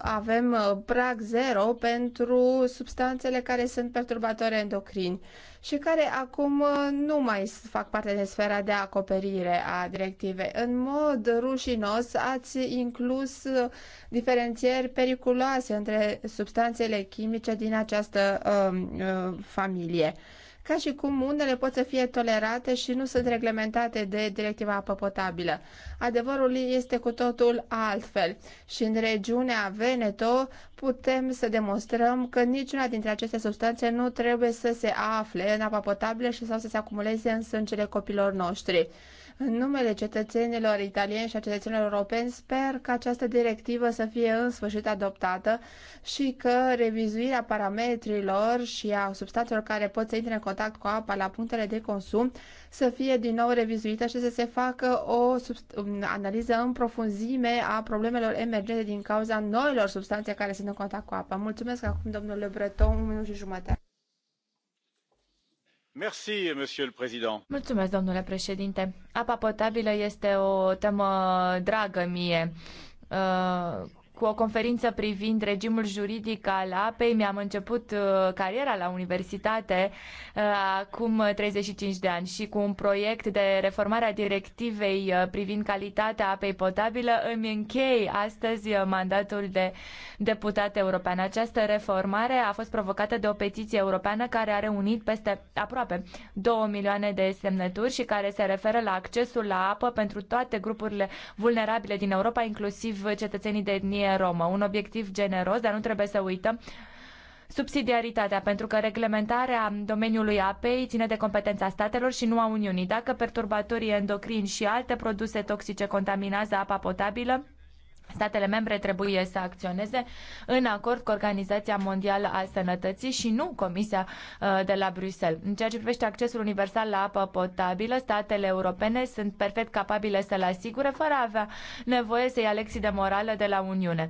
avem uh, prag zero pentru substanțele care sunt perturbatoare endocrini și care acum uh, nu mai fac parte din sfera de acoperire a directivei. În mod rușinos ați inclus uh, diferențieri periculoase între substanțele chimice din această uh, uh, familie ca și cum unele pot să fie tolerate și nu sunt reglementate de directiva apă potabilă. Adevărul este cu totul altfel și în regiunea Veneto putem să demonstrăm că niciuna dintre aceste substanțe nu trebuie să se afle în apa potabilă și sau să se acumuleze în sângele copilor noștri. În numele cetățenilor italieni și a cetățenilor europeni, sper că această directivă să fie în sfârșit adoptată și că revizuirea parametrilor și a substanțelor care pot să intre în contact cu apa la punctele de consum să fie din nou revizuită și să se facă o um, analiză în profunzime a problemelor emergente din cauza noilor substanțe care sunt în contact cu apa. Mulțumesc acum, domnule Breton, un minut și jumătate. Mulțumesc, domnule președinte. Apa potabilă este o temă dragă mie uh, cu o conferință privind regimul juridic al apei. Mi-am început uh, cariera la universitate uh, acum 35 de ani și cu un proiect de reformare a directivei uh, privind calitatea apei potabile îmi închei astăzi mandatul de deputat european. Această reformare a fost provocată de o petiție europeană care a reunit peste aproape 2 milioane de semnături și care se referă la accesul la apă pentru toate grupurile vulnerabile din Europa, inclusiv cetățenii de etnie economie romă. Un obiectiv generos, dar nu trebuie să uităm subsidiaritatea, pentru că reglementarea domeniului apei ține de competența statelor și nu a Uniunii. Dacă perturbatorii endocrini și alte produse toxice contaminează apa potabilă, Statele membre trebuie să acționeze în acord cu Organizația Mondială a Sănătății și nu Comisia uh, de la Bruxelles. În ceea ce privește accesul universal la apă potabilă, statele europene sunt perfect capabile să-l asigure fără a avea nevoie să-i aleg de morală de la Uniune.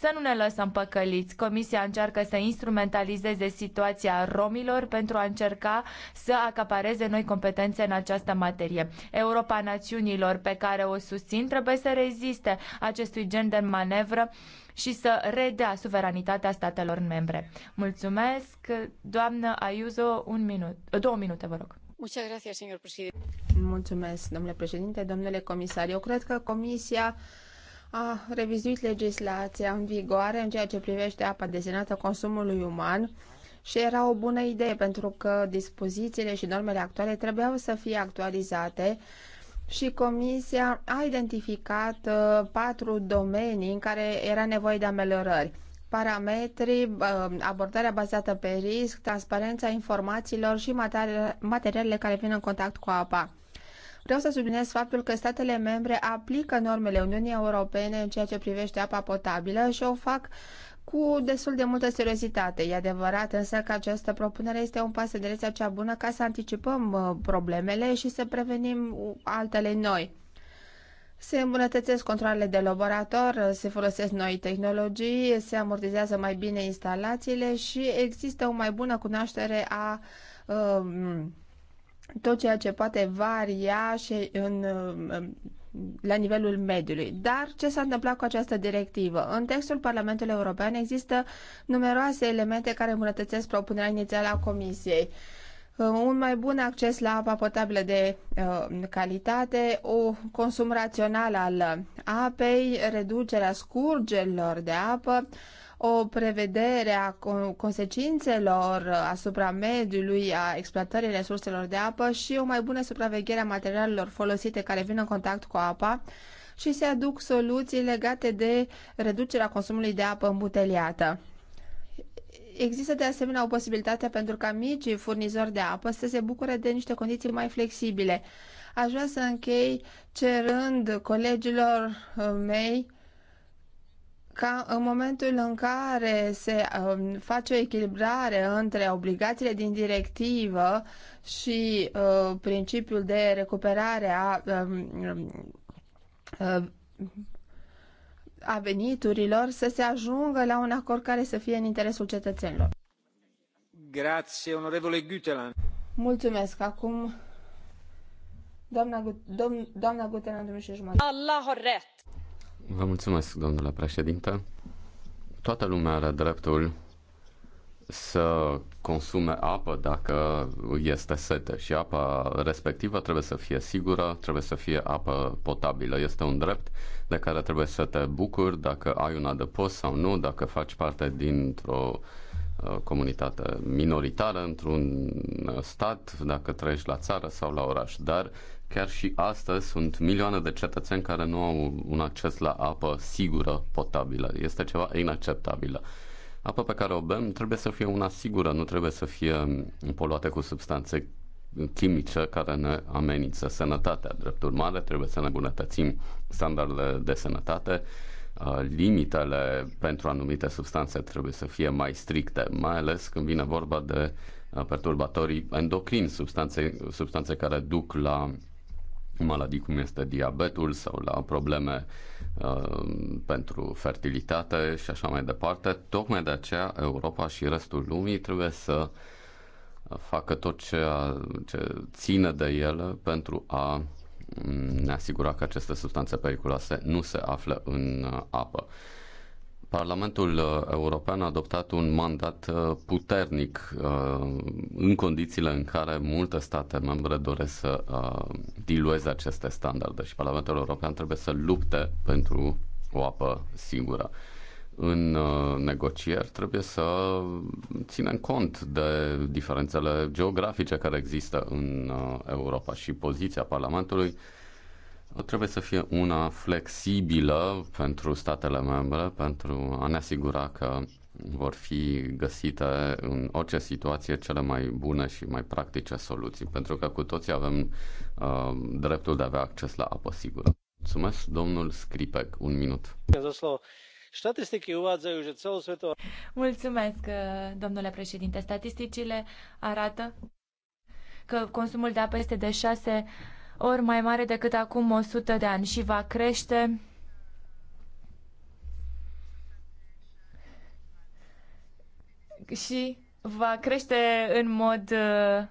Să nu ne lăsăm păcăliți. Comisia încearcă să instrumentalizeze situația romilor pentru a încerca să acapareze noi competențe în această materie. Europa națiunilor pe care o susțin trebuie să reziste acestui gen de manevră și să redea suveranitatea statelor membre. Mulțumesc, doamnă Ayuso, un minut, două minute, vă rog. Mulțumesc, domnule președinte, domnule comisar. Eu cred că Comisia a revizuit legislația în vigoare în ceea ce privește apa destinată consumului uman și era o bună idee pentru că dispozițiile și normele actuale trebuiau să fie actualizate și Comisia a identificat uh, patru domenii în care era nevoie de ameliorări. Parametri, uh, abordarea bazată pe risc, transparența informațiilor și materialele care vin în contact cu apa. Vreau să subliniez faptul că statele membre aplică normele Uniunii Europene în ceea ce privește apa potabilă și o fac cu destul de multă seriozitate. E adevărat însă că această propunere este un pas în direcția cea bună ca să anticipăm uh, problemele și să prevenim uh, altele noi. Se îmbunătățesc controlele de laborator, uh, se folosesc noi tehnologii, se amortizează mai bine instalațiile și există o mai bună cunoaștere a um, tot ceea ce poate varia și în, um, la nivelul mediului. Dar ce s-a întâmplat cu această directivă? În textul Parlamentului European există numeroase elemente care îmbunătățesc propunerea inițială a Comisiei uh, un mai bun acces la apa potabilă de uh, calitate, o consum rațional al apei, reducerea scurgerilor de apă, o prevedere a consecințelor asupra mediului, a exploatării resurselor de apă și o mai bună supraveghere a materialelor folosite care vin în contact cu apa și se aduc soluții legate de reducerea consumului de apă îmbuteliată. Există de asemenea o posibilitate pentru ca micii furnizori de apă să se bucure de niște condiții mai flexibile. Aș vrea să închei cerând colegilor uh, mei ca în momentul în care se um, face o echilibrare între obligațiile din directivă și uh, principiul de recuperare a, uh, uh, a veniturilor, să se ajungă la un acord care să fie în interesul cetățenilor. Grazie, onorevole Guteland. Mulțumesc. Acum, doamna, dom, doamna Guteland, domnul și jumătate. Allah har Vă mulțumesc, domnule președinte. Toată lumea are dreptul să consume apă dacă este sete și apa respectivă trebuie să fie sigură, trebuie să fie apă potabilă. Este un drept de care trebuie să te bucuri dacă ai un adăpost sau nu, dacă faci parte dintr-o uh, comunitate minoritară într-un uh, stat, dacă trăiești la țară sau la oraș. Dar Chiar și astăzi sunt milioane de cetățeni care nu au un acces la apă sigură, potabilă. Este ceva inacceptabil. Apa pe care o bem trebuie să fie una sigură, nu trebuie să fie poluată cu substanțe chimice care ne amenință sănătatea. Drept urmare, trebuie să ne bunătățim standardele de sănătate, limitele pentru anumite substanțe trebuie să fie mai stricte, mai ales când vine vorba de perturbatorii endocrini, substanțe, substanțe care duc la maladii cum este diabetul sau la probleme uh, pentru fertilitate și așa mai departe. Tocmai de aceea Europa și restul lumii trebuie să facă tot ce, ce ține de ele pentru a mm, ne asigura că aceste substanțe periculoase nu se află în uh, apă. Parlamentul uh, European a adoptat un mandat uh, puternic uh, în condițiile în care multe state membre doresc să dilueze aceste standarde și Parlamentul European trebuie să lupte pentru o apă sigură. În negocieri trebuie să ținem cont de diferențele geografice care există în Europa și poziția Parlamentului trebuie să fie una flexibilă pentru statele membre, pentru a ne asigura că vor fi găsite în orice situație cele mai bune și mai practice soluții, pentru că cu toții avem uh, dreptul de a avea acces la apă sigură. Mulțumesc, domnul Scripec, un minut. Mulțumesc, uh, domnule președinte. Statisticile arată că consumul de apă este de 6 ori mai mare decât acum 100 de ani și va crește și va crește în mod uh,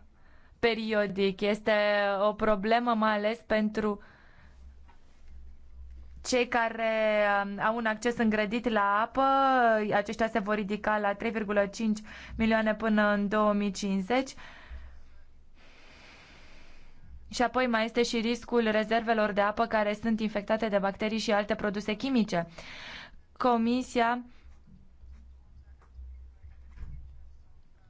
periodic. Este o problemă mai ales pentru cei care um, au un acces îngrădit la apă, aceștia se vor ridica la 3,5 milioane până în 2050. Și apoi mai este și riscul rezervelor de apă care sunt infectate de bacterii și alte produse chimice. Comisia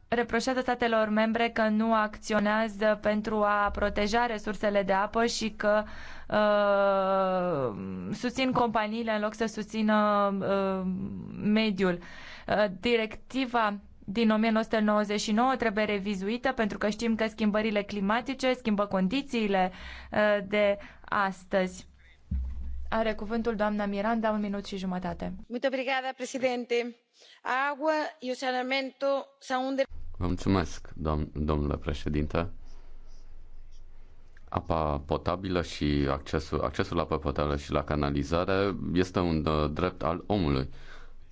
reproșează statelor membre că nu acționează pentru a proteja resursele de apă și că uh, susțin companiile în loc să susțină uh, mediul. Uh, directiva din 1999 trebuie revizuită pentru că știm că schimbările climatice schimbă condițiile uh, de astăzi. Are cuvântul doamna Miranda, un minut și jumătate. Mulțumesc, Vă mulțumesc, dom- domnule președinte. Apa potabilă și accesul, accesul la apă potabilă și la canalizare este un uh, drept al omului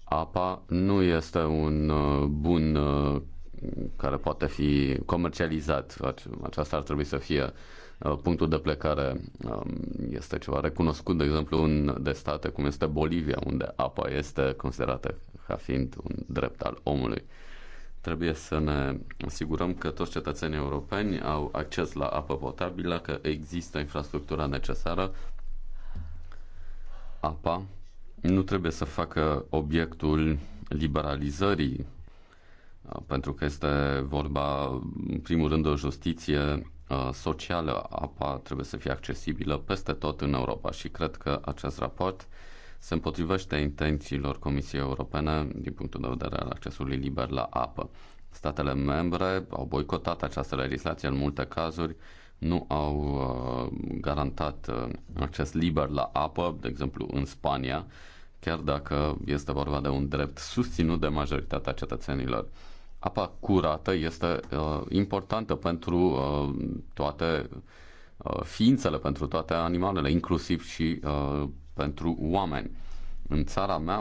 apa nu este un uh, bun uh, care poate fi comercializat. Aceasta ar trebui să fie uh, punctul de plecare. Um, este ceva recunoscut, de exemplu, în de state cum este Bolivia, unde apa este considerată ca fiind un drept al omului. Trebuie să ne asigurăm că toți cetățenii europeni au acces la apă potabilă, că există infrastructura necesară. Apa nu trebuie să facă obiectul liberalizării, pentru că este vorba, în primul rând, de o justiție uh, socială. Apa trebuie să fie accesibilă peste tot în Europa și cred că acest raport se împotrivește intențiilor Comisiei Europene din punctul de vedere al accesului liber la apă. Statele membre au boicotat această legislație în multe cazuri, nu au uh, garantat uh, acces liber la apă, de exemplu în Spania, chiar dacă este vorba de un drept susținut de majoritatea cetățenilor. Apa curată este uh, importantă pentru uh, toate uh, ființele, pentru toate animalele, inclusiv și uh, pentru oameni. În țara mea,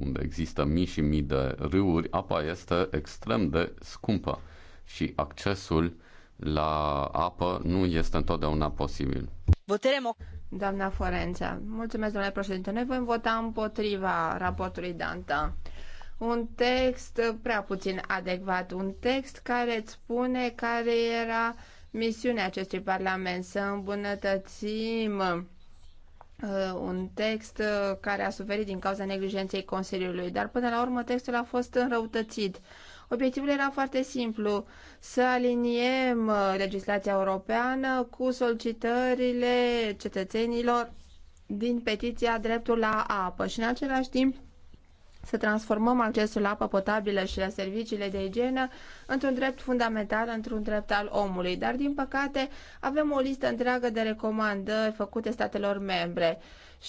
unde există mii și mii de râuri, apa este extrem de scumpă și accesul uh, la apă nu este întotdeauna posibil. Voterem Doamna Forența, mulțumesc, domnule președinte. Noi vom vota împotriva raportului Danta. Un text prea puțin adecvat, un text care îți spune care era misiunea acestui Parlament, să îmbunătățim uh, un text care a suferit din cauza neglijenței Consiliului, dar până la urmă textul a fost înrăutățit Obiectivul era foarte simplu, să aliniem uh, legislația europeană cu solicitările cetățenilor din petiția dreptul la apă și în același timp să transformăm accesul la apă potabilă și la serviciile de igienă într-un drept fundamental, într-un drept al omului. Dar, din păcate, avem o listă întreagă de recomandări făcute statelor membre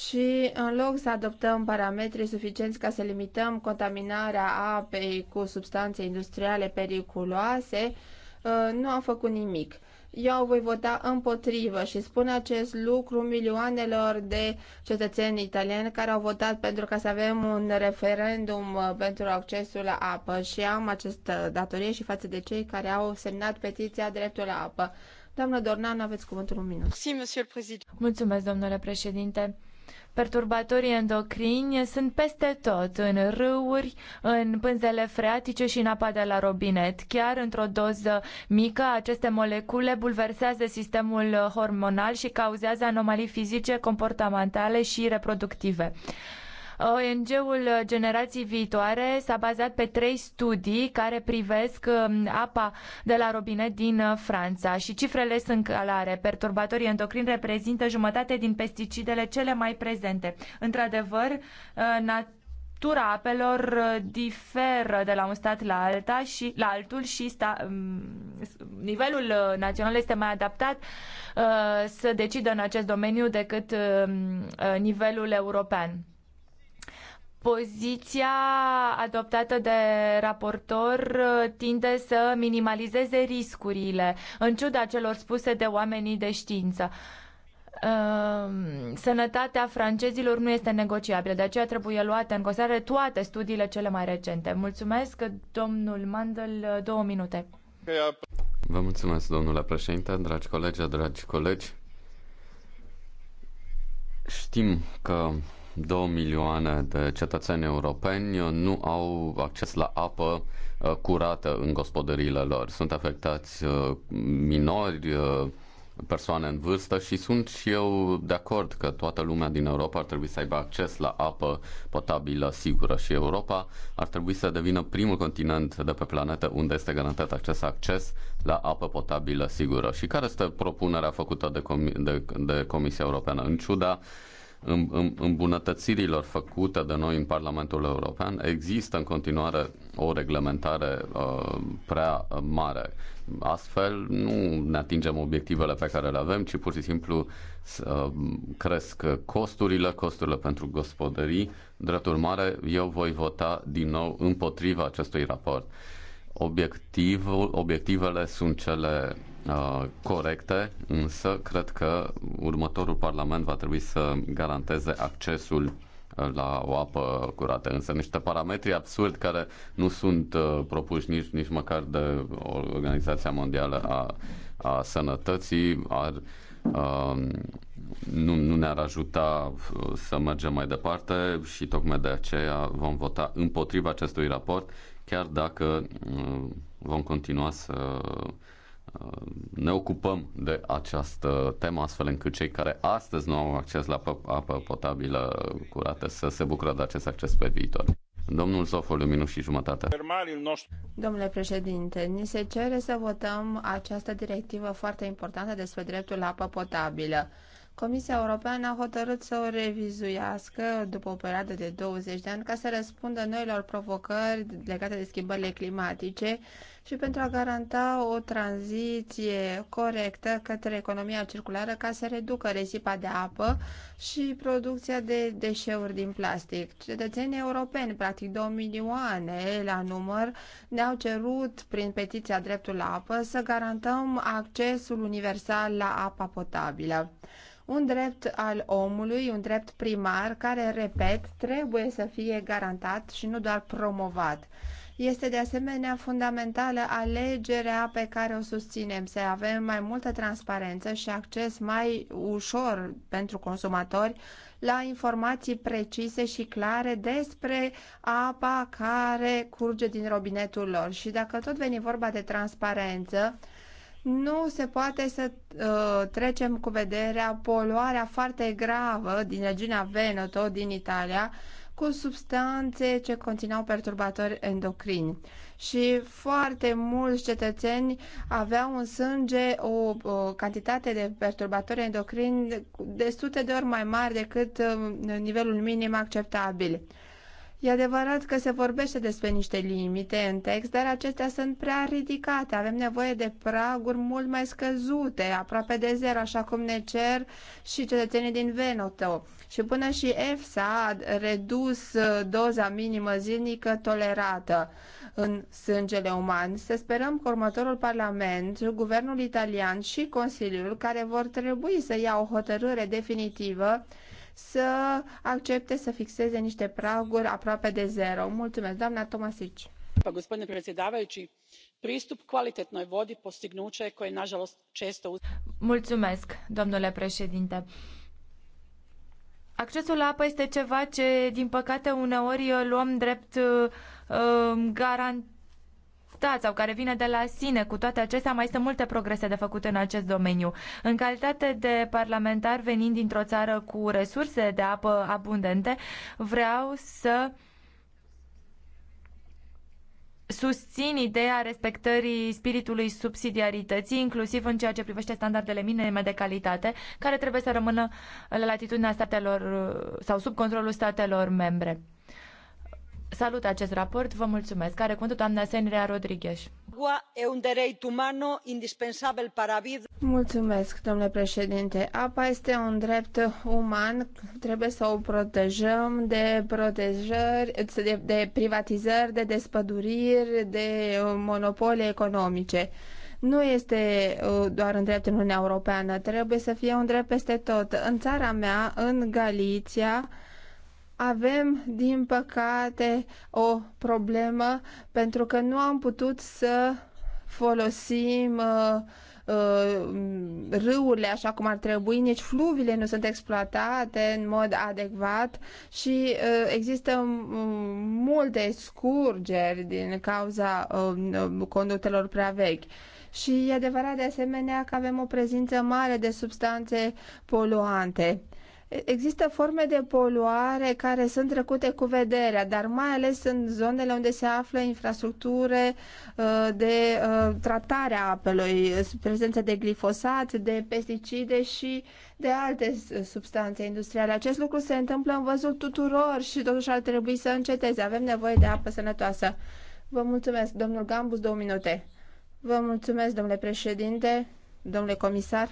și, în loc să adoptăm parametri suficienți ca să limităm contaminarea apei cu substanțe industriale periculoase, uh, nu am făcut nimic eu voi vota împotrivă și spun acest lucru milioanelor de cetățeni italieni care au votat pentru ca să avem un referendum uh, pentru accesul la apă și am această datorie și față de cei care au semnat petiția dreptul la apă. Doamnă Dornan, aveți cuvântul un minut. Mulțumesc, domnule președinte. Perturbatorii endocrini sunt peste tot, în râuri, în pânzele freatice și în apa de la robinet. Chiar într-o doză mică, aceste molecule bulversează sistemul hormonal și cauzează anomalii fizice, comportamentale și reproductive. ONG-ul Generații Viitoare s-a bazat pe trei studii care privesc um, apa de la robinet din uh, Franța și cifrele sunt clare. Perturbatorii endocrini reprezintă jumătate din pesticidele cele mai prezente. Într-adevăr, uh, nat- structura apelor uh, diferă de la un stat la, alta și, la altul și sta, um, nivelul național este mai adaptat uh, să decidă în acest domeniu decât um, uh, nivelul european. Poziția adoptată de raportor uh, tinde să minimalizeze riscurile, în ciuda celor spuse de oamenii de știință. Um, sănătatea francezilor nu este negociabilă, de aceea trebuie luate în considerare toate studiile cele mai recente. Mulțumesc, domnul Mandel, uh, două minute. Vă mulțumesc, domnule președinte, dragi colegi, dragi colegi. Știm că 2 milioane de cetățeni europeni nu au acces la apă uh, curată în gospodăriile lor. Sunt afectați uh, minori, uh, persoane în vârstă și sunt și eu de acord că toată lumea din Europa ar trebui să aibă acces la apă potabilă, sigură și Europa ar trebui să devină primul continent de pe planetă unde este garantat acces acces la apă potabilă, sigură. Și care este propunerea făcută de, Com- de, de Comisia Europeană? În ciuda uh, îmbunătățirilor făcute de noi în Parlamentul European, există în continuare o reglementare uh, prea mare. Astfel, nu ne atingem obiectivele pe care le avem, ci pur și simplu uh, cresc costurile, costurile pentru gospodării. Drept urmare, eu voi vota din nou împotriva acestui raport. Obiectivul, obiectivele sunt cele Uh, corecte, însă cred că următorul Parlament va trebui să garanteze accesul uh, la o apă curată, însă niște parametri absurd care nu sunt uh, propuși nici, nici măcar de Organizația Mondială a, a Sănătății ar uh, nu, nu ne-ar ajuta să mergem mai departe și tocmai de aceea vom vota împotriva acestui raport, chiar dacă uh, vom continua să ne ocupăm de această temă, astfel încât cei care astăzi nu au acces la apă potabilă curată să se bucură de acest acces pe viitor. Domnul Sofol, un minut și jumătate. Domnule președinte, ni se cere să votăm această directivă foarte importantă despre dreptul la apă potabilă. Comisia Europeană a hotărât să o revizuiască după o perioadă de 20 de ani ca să răspundă noilor provocări legate de schimbările climatice și pentru a garanta o tranziție corectă către economia circulară ca să reducă risipa de apă și producția de deșeuri din plastic. Cetățenii europeni, practic 2 milioane la număr, ne-au cerut prin petiția Dreptul la apă să garantăm accesul universal la apa potabilă. Un drept al omului, un drept primar, care, repet, trebuie să fie garantat și nu doar promovat. Este de asemenea fundamentală alegerea pe care o susținem, să avem mai multă transparență și acces mai ușor pentru consumatori la informații precise și clare despre apa care curge din robinetul lor. Și dacă tot veni vorba de transparență, nu se poate să uh, trecem cu vederea poluarea foarte gravă din regiunea Veneto, din Italia, cu substanțe ce conțineau perturbatori endocrini. Și foarte mulți cetățeni aveau în sânge o, o cantitate de perturbatori endocrini de sute de ori mai mari decât uh, nivelul minim acceptabil. E adevărat că se vorbește despre niște limite în text, dar acestea sunt prea ridicate. Avem nevoie de praguri mult mai scăzute, aproape de zero, așa cum ne cer și cetățenii din Veneto. Și până și EFSA a redus uh, doza minimă zilnică tolerată în sângele uman. Să sperăm că următorul Parlament, guvernul italian și Consiliul, care vor trebui să ia o hotărâre definitivă, să accepte să fixeze niște praguri aproape de zero. Mulțumesc, doamna Tomasic. Gospodine predsedavajući, pristup kvalitetnoj vodi postignuće koje nažalost često... Mulțumesc, domnule președinte. Accesul la apă este ceva ce, din păcate, uneori luăm drept uh, um, garant adoptat sau care vine de la sine. Cu toate acestea, mai este multe progrese de făcut în acest domeniu. În calitate de parlamentar venind dintr-o țară cu resurse de apă abundente, vreau să susțin ideea respectării spiritului subsidiarității, inclusiv în ceea ce privește standardele minime de calitate, care trebuie să rămână la latitudinea statelor sau sub controlul statelor membre. Salut acest raport, vă mulțumesc. Care cuvântul doamna Senrea Rodriguez. Mulțumesc, domnule președinte. Apa este un drept uman, trebuie să o protejăm de protejări, de, de privatizări, de despăduriri, de monopole economice nu este uh, doar un drept în Uniunea Europeană, trebuie să fie un drept peste tot. În țara mea, în Galiția, avem, din păcate, o problemă pentru că nu am putut să folosim uh, uh, râurile așa cum ar trebui, nici fluvile nu sunt exploatate în mod adecvat și uh, există multe scurgeri din cauza uh, conductelor prea vechi. Și e adevărat de asemenea că avem o prezință mare de substanțe poluante Există forme de poluare care sunt trecute cu vederea, dar mai ales în zonele unde se află infrastructure uh, de uh, tratare a apelui, prezența de glifosat, de pesticide și de alte uh, substanțe industriale. Acest lucru se întâmplă în văzul tuturor și totuși ar trebui să înceteze. Avem nevoie de apă sănătoasă. Vă mulțumesc, domnul Gambus, două minute. Vă mulțumesc, domnule președinte, domnule comisar.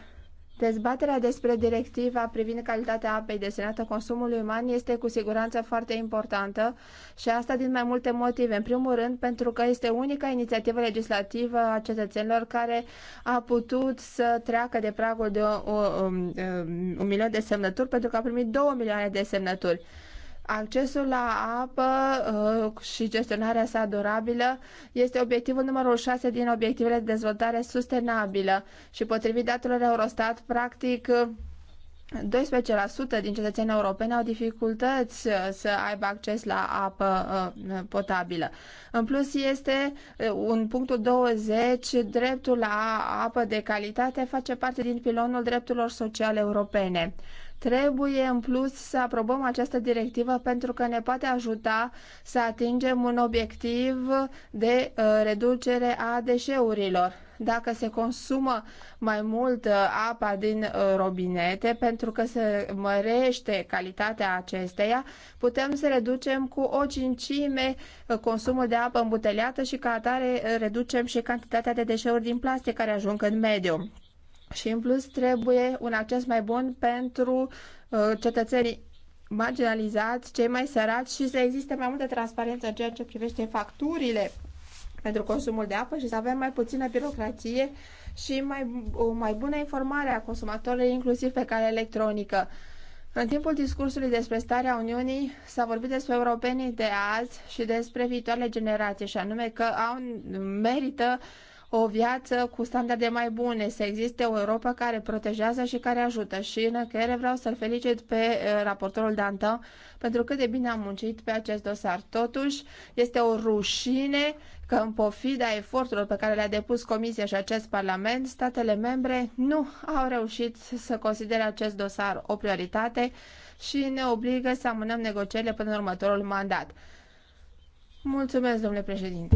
Dezbaterea despre directiva privind calitatea apei destinată consumului uman este cu siguranță foarte importantă și asta din mai multe motive. În primul rând, pentru că este unica inițiativă legislativă a cetățenilor care a putut să treacă de pragul de um, um, un, milion de semnături pentru că a primit două milioane de semnături. Accesul la apă uh, și gestionarea sa durabilă este obiectivul numărul 6 din obiectivele de dezvoltare sustenabilă și potrivit datelor Eurostat, practic 12% din cetățenii europeni au dificultăți uh, să aibă acces la apă uh, potabilă. În plus este un punctul 20, dreptul la apă de calitate face parte din pilonul drepturilor sociale europene. Trebuie în plus să aprobăm această directivă pentru că ne poate ajuta să atingem un obiectiv de uh, reducere a deșeurilor. Dacă se consumă mai mult uh, apa din uh, robinete pentru că se mărește calitatea acesteia, putem să reducem cu o cincime consumul de apă îmbuteliată și ca atare reducem și cantitatea de deșeuri din plastic care ajung în mediu și în plus trebuie un acces mai bun pentru uh, cetățenii marginalizați, cei mai săraci și să existe mai multă transparență în ceea ce privește facturile pentru consumul de apă și să avem mai puțină birocrație și mai, o mai bună informare a consumatorilor, inclusiv pe cale electronică. În timpul discursului despre starea Uniunii s-a vorbit despre europenii de azi și despre viitoarele generații, și anume că au, merită uh, o viață cu standarde mai bune, să existe o Europa care protejează și care ajută. Și în încheiere vreau să-l felicit pe eh, raportorul Dantă pentru cât de bine am muncit pe acest dosar. Totuși, este o rușine că în pofida eforturilor pe care le-a depus Comisia și acest Parlament, statele membre nu au reușit să considere acest dosar o prioritate și ne obligă să amânăm negocierile până în următorul mandat. Mulțumesc, domnule președinte.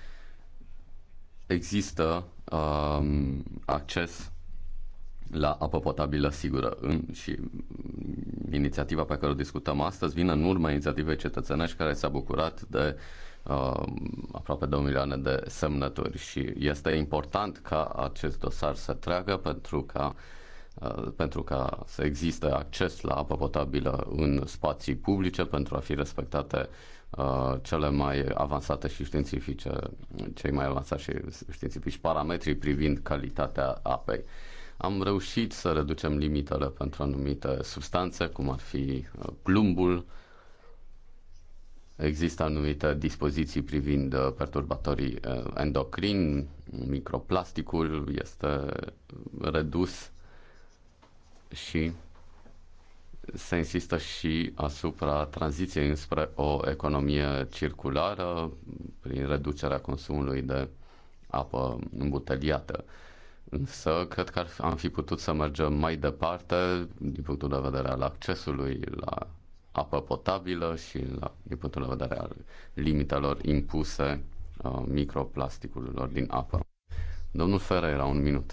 există um, acces la apă potabilă sigură. În, și inițiativa pe care o discutăm astăzi vine în urma inițiativei cetățenești care s-a bucurat de uh, aproape 2 milioane de semnături și este important ca acest dosar să treacă pentru ca uh, pentru ca să existe acces la apă potabilă în spații publice, pentru a fi respectate Uh, cele mai avansate și științifice, cei mai avansați și științifici parametri privind calitatea apei. Am reușit să reducem limitele pentru anumite substanțe, cum ar fi plumbul. Uh, Există anumite dispoziții privind uh, perturbatorii endocrini, microplasticul este redus și se insistă și asupra tranziției înspre o economie circulară prin reducerea consumului de apă îmbuteliată. Însă, cred că am fi putut să mergem mai departe din punctul de vedere al accesului la apă potabilă și la, din punctul de vedere al limitelor impuse uh, microplasticurilor din apă. Domnul Ferreira, un minut.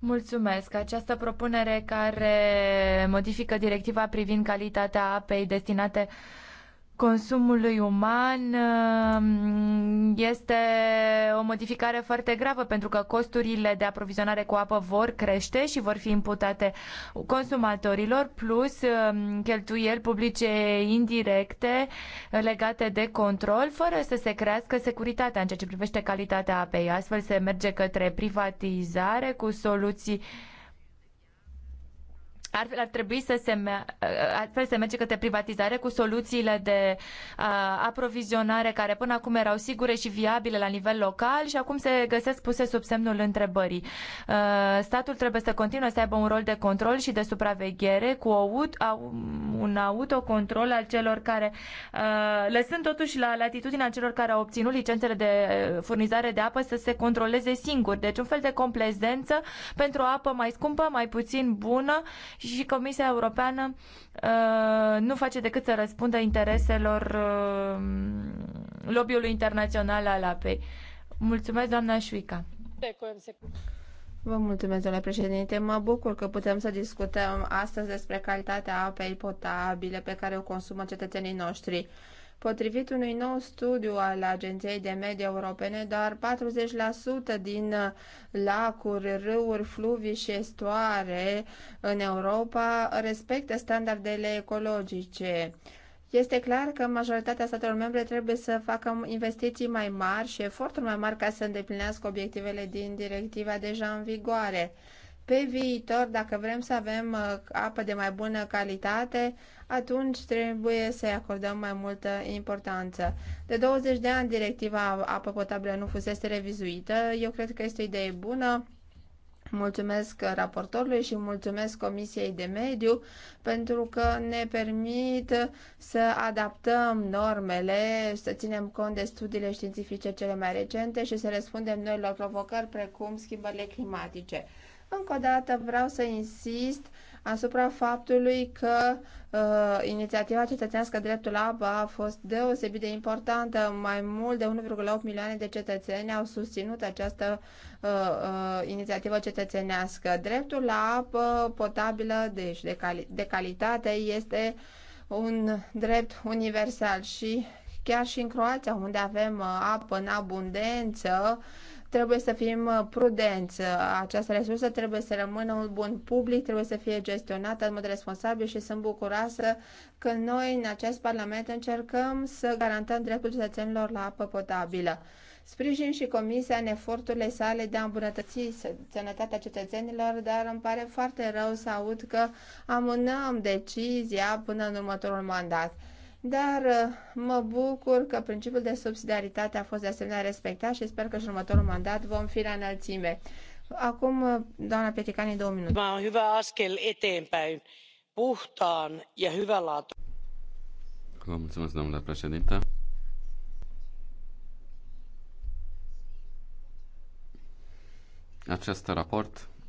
Mulțumesc. Această propunere care modifică directiva privind calitatea apei destinate consumului uman um, este o modificare foarte gravă pentru că costurile de aprovizionare cu apă vor crește și vor fi imputate consumatorilor plus um, cheltuieli publice indirecte legate de control fără să se crească securitatea în ceea ce privește calitatea apei. Astfel se merge către privatizare cu soluții ar, ar trebui să se, altfel se merge către privatizare cu soluțiile de uh, aprovizionare care până acum erau sigure și viabile la nivel local și acum se găsesc puse sub semnul întrebării. Uh, statul trebuie să continue să aibă un rol de control și de supraveghere cu o, un autocontrol al celor care, uh, lăsând totuși la latitudinea celor care au obținut licențele de furnizare de apă să se controleze singuri. Deci un fel de complezență pentru o apă mai scumpă, mai puțin bună și Comisia Europeană uh, nu face decât să răspundă intereselor uh, lobby-ului internațional al apei. Mulțumesc, doamna Șuica. Vă mulțumesc, domnule președinte. Mă bucur că putem să discutăm astăzi despre calitatea apei potabile pe care o consumă cetățenii noștri. Potrivit unui nou studiu al Agenției de Medii Europene, doar 40% din uh, lacuri, râuri, fluvii și estoare în Europa respectă standardele ecologice. Este clar că majoritatea statelor membre trebuie să facă investiții mai mari și eforturi mai mari ca să îndeplinească obiectivele din directiva deja în vigoare. Pe viitor, dacă vrem să avem uh, apă de mai bună calitate, atunci trebuie să acordăm mai multă importanță. De 20 de ani, directiva apă potabilă nu fusese revizuită. Eu cred că este o idee bună. Mulțumesc raportorului și mulțumesc Comisiei de Mediu pentru că ne permit să adaptăm normele, să ținem cont de studiile științifice cele mai recente și să răspundem noilor provocări precum schimbările climatice. Încă o dată vreau să insist asupra faptului că uh, inițiativa cetățească Dreptul Apă a fost deosebit de importantă. Mai mult de 1,8 milioane de cetățeni au susținut această uh, uh, inițiativă cetățenească. Dreptul la apă potabilă, deci de, cali- de calitate, este un drept universal și chiar și în Croația, unde avem uh, apă în abundență, uh, trebuie să fim uh, prudenți. Uh, această resursă trebuie să rămână un bun public, trebuie să fie gestionată în mod responsabil și sunt bucuroasă că noi în acest Parlament încercăm să garantăm dreptul cetățenilor la apă potabilă. Sprijin și Comisia în eforturile sale de a îmbunătăți sănătatea cetățenilor, dar îmi pare foarte rău să aud că amânăm decizia până în următorul mandat dar uh, mă bucur că principiul de subsidiaritate a fost de asemenea respectat și sper că și următorul mandat vom fi la înălțime. Acum, uh, doamna Peticani, două minute. Mă hyvä askel eteenpäin, puhtaan ja hyvälaatuisen. Vă mulțumesc, domnule președinte. Acest raport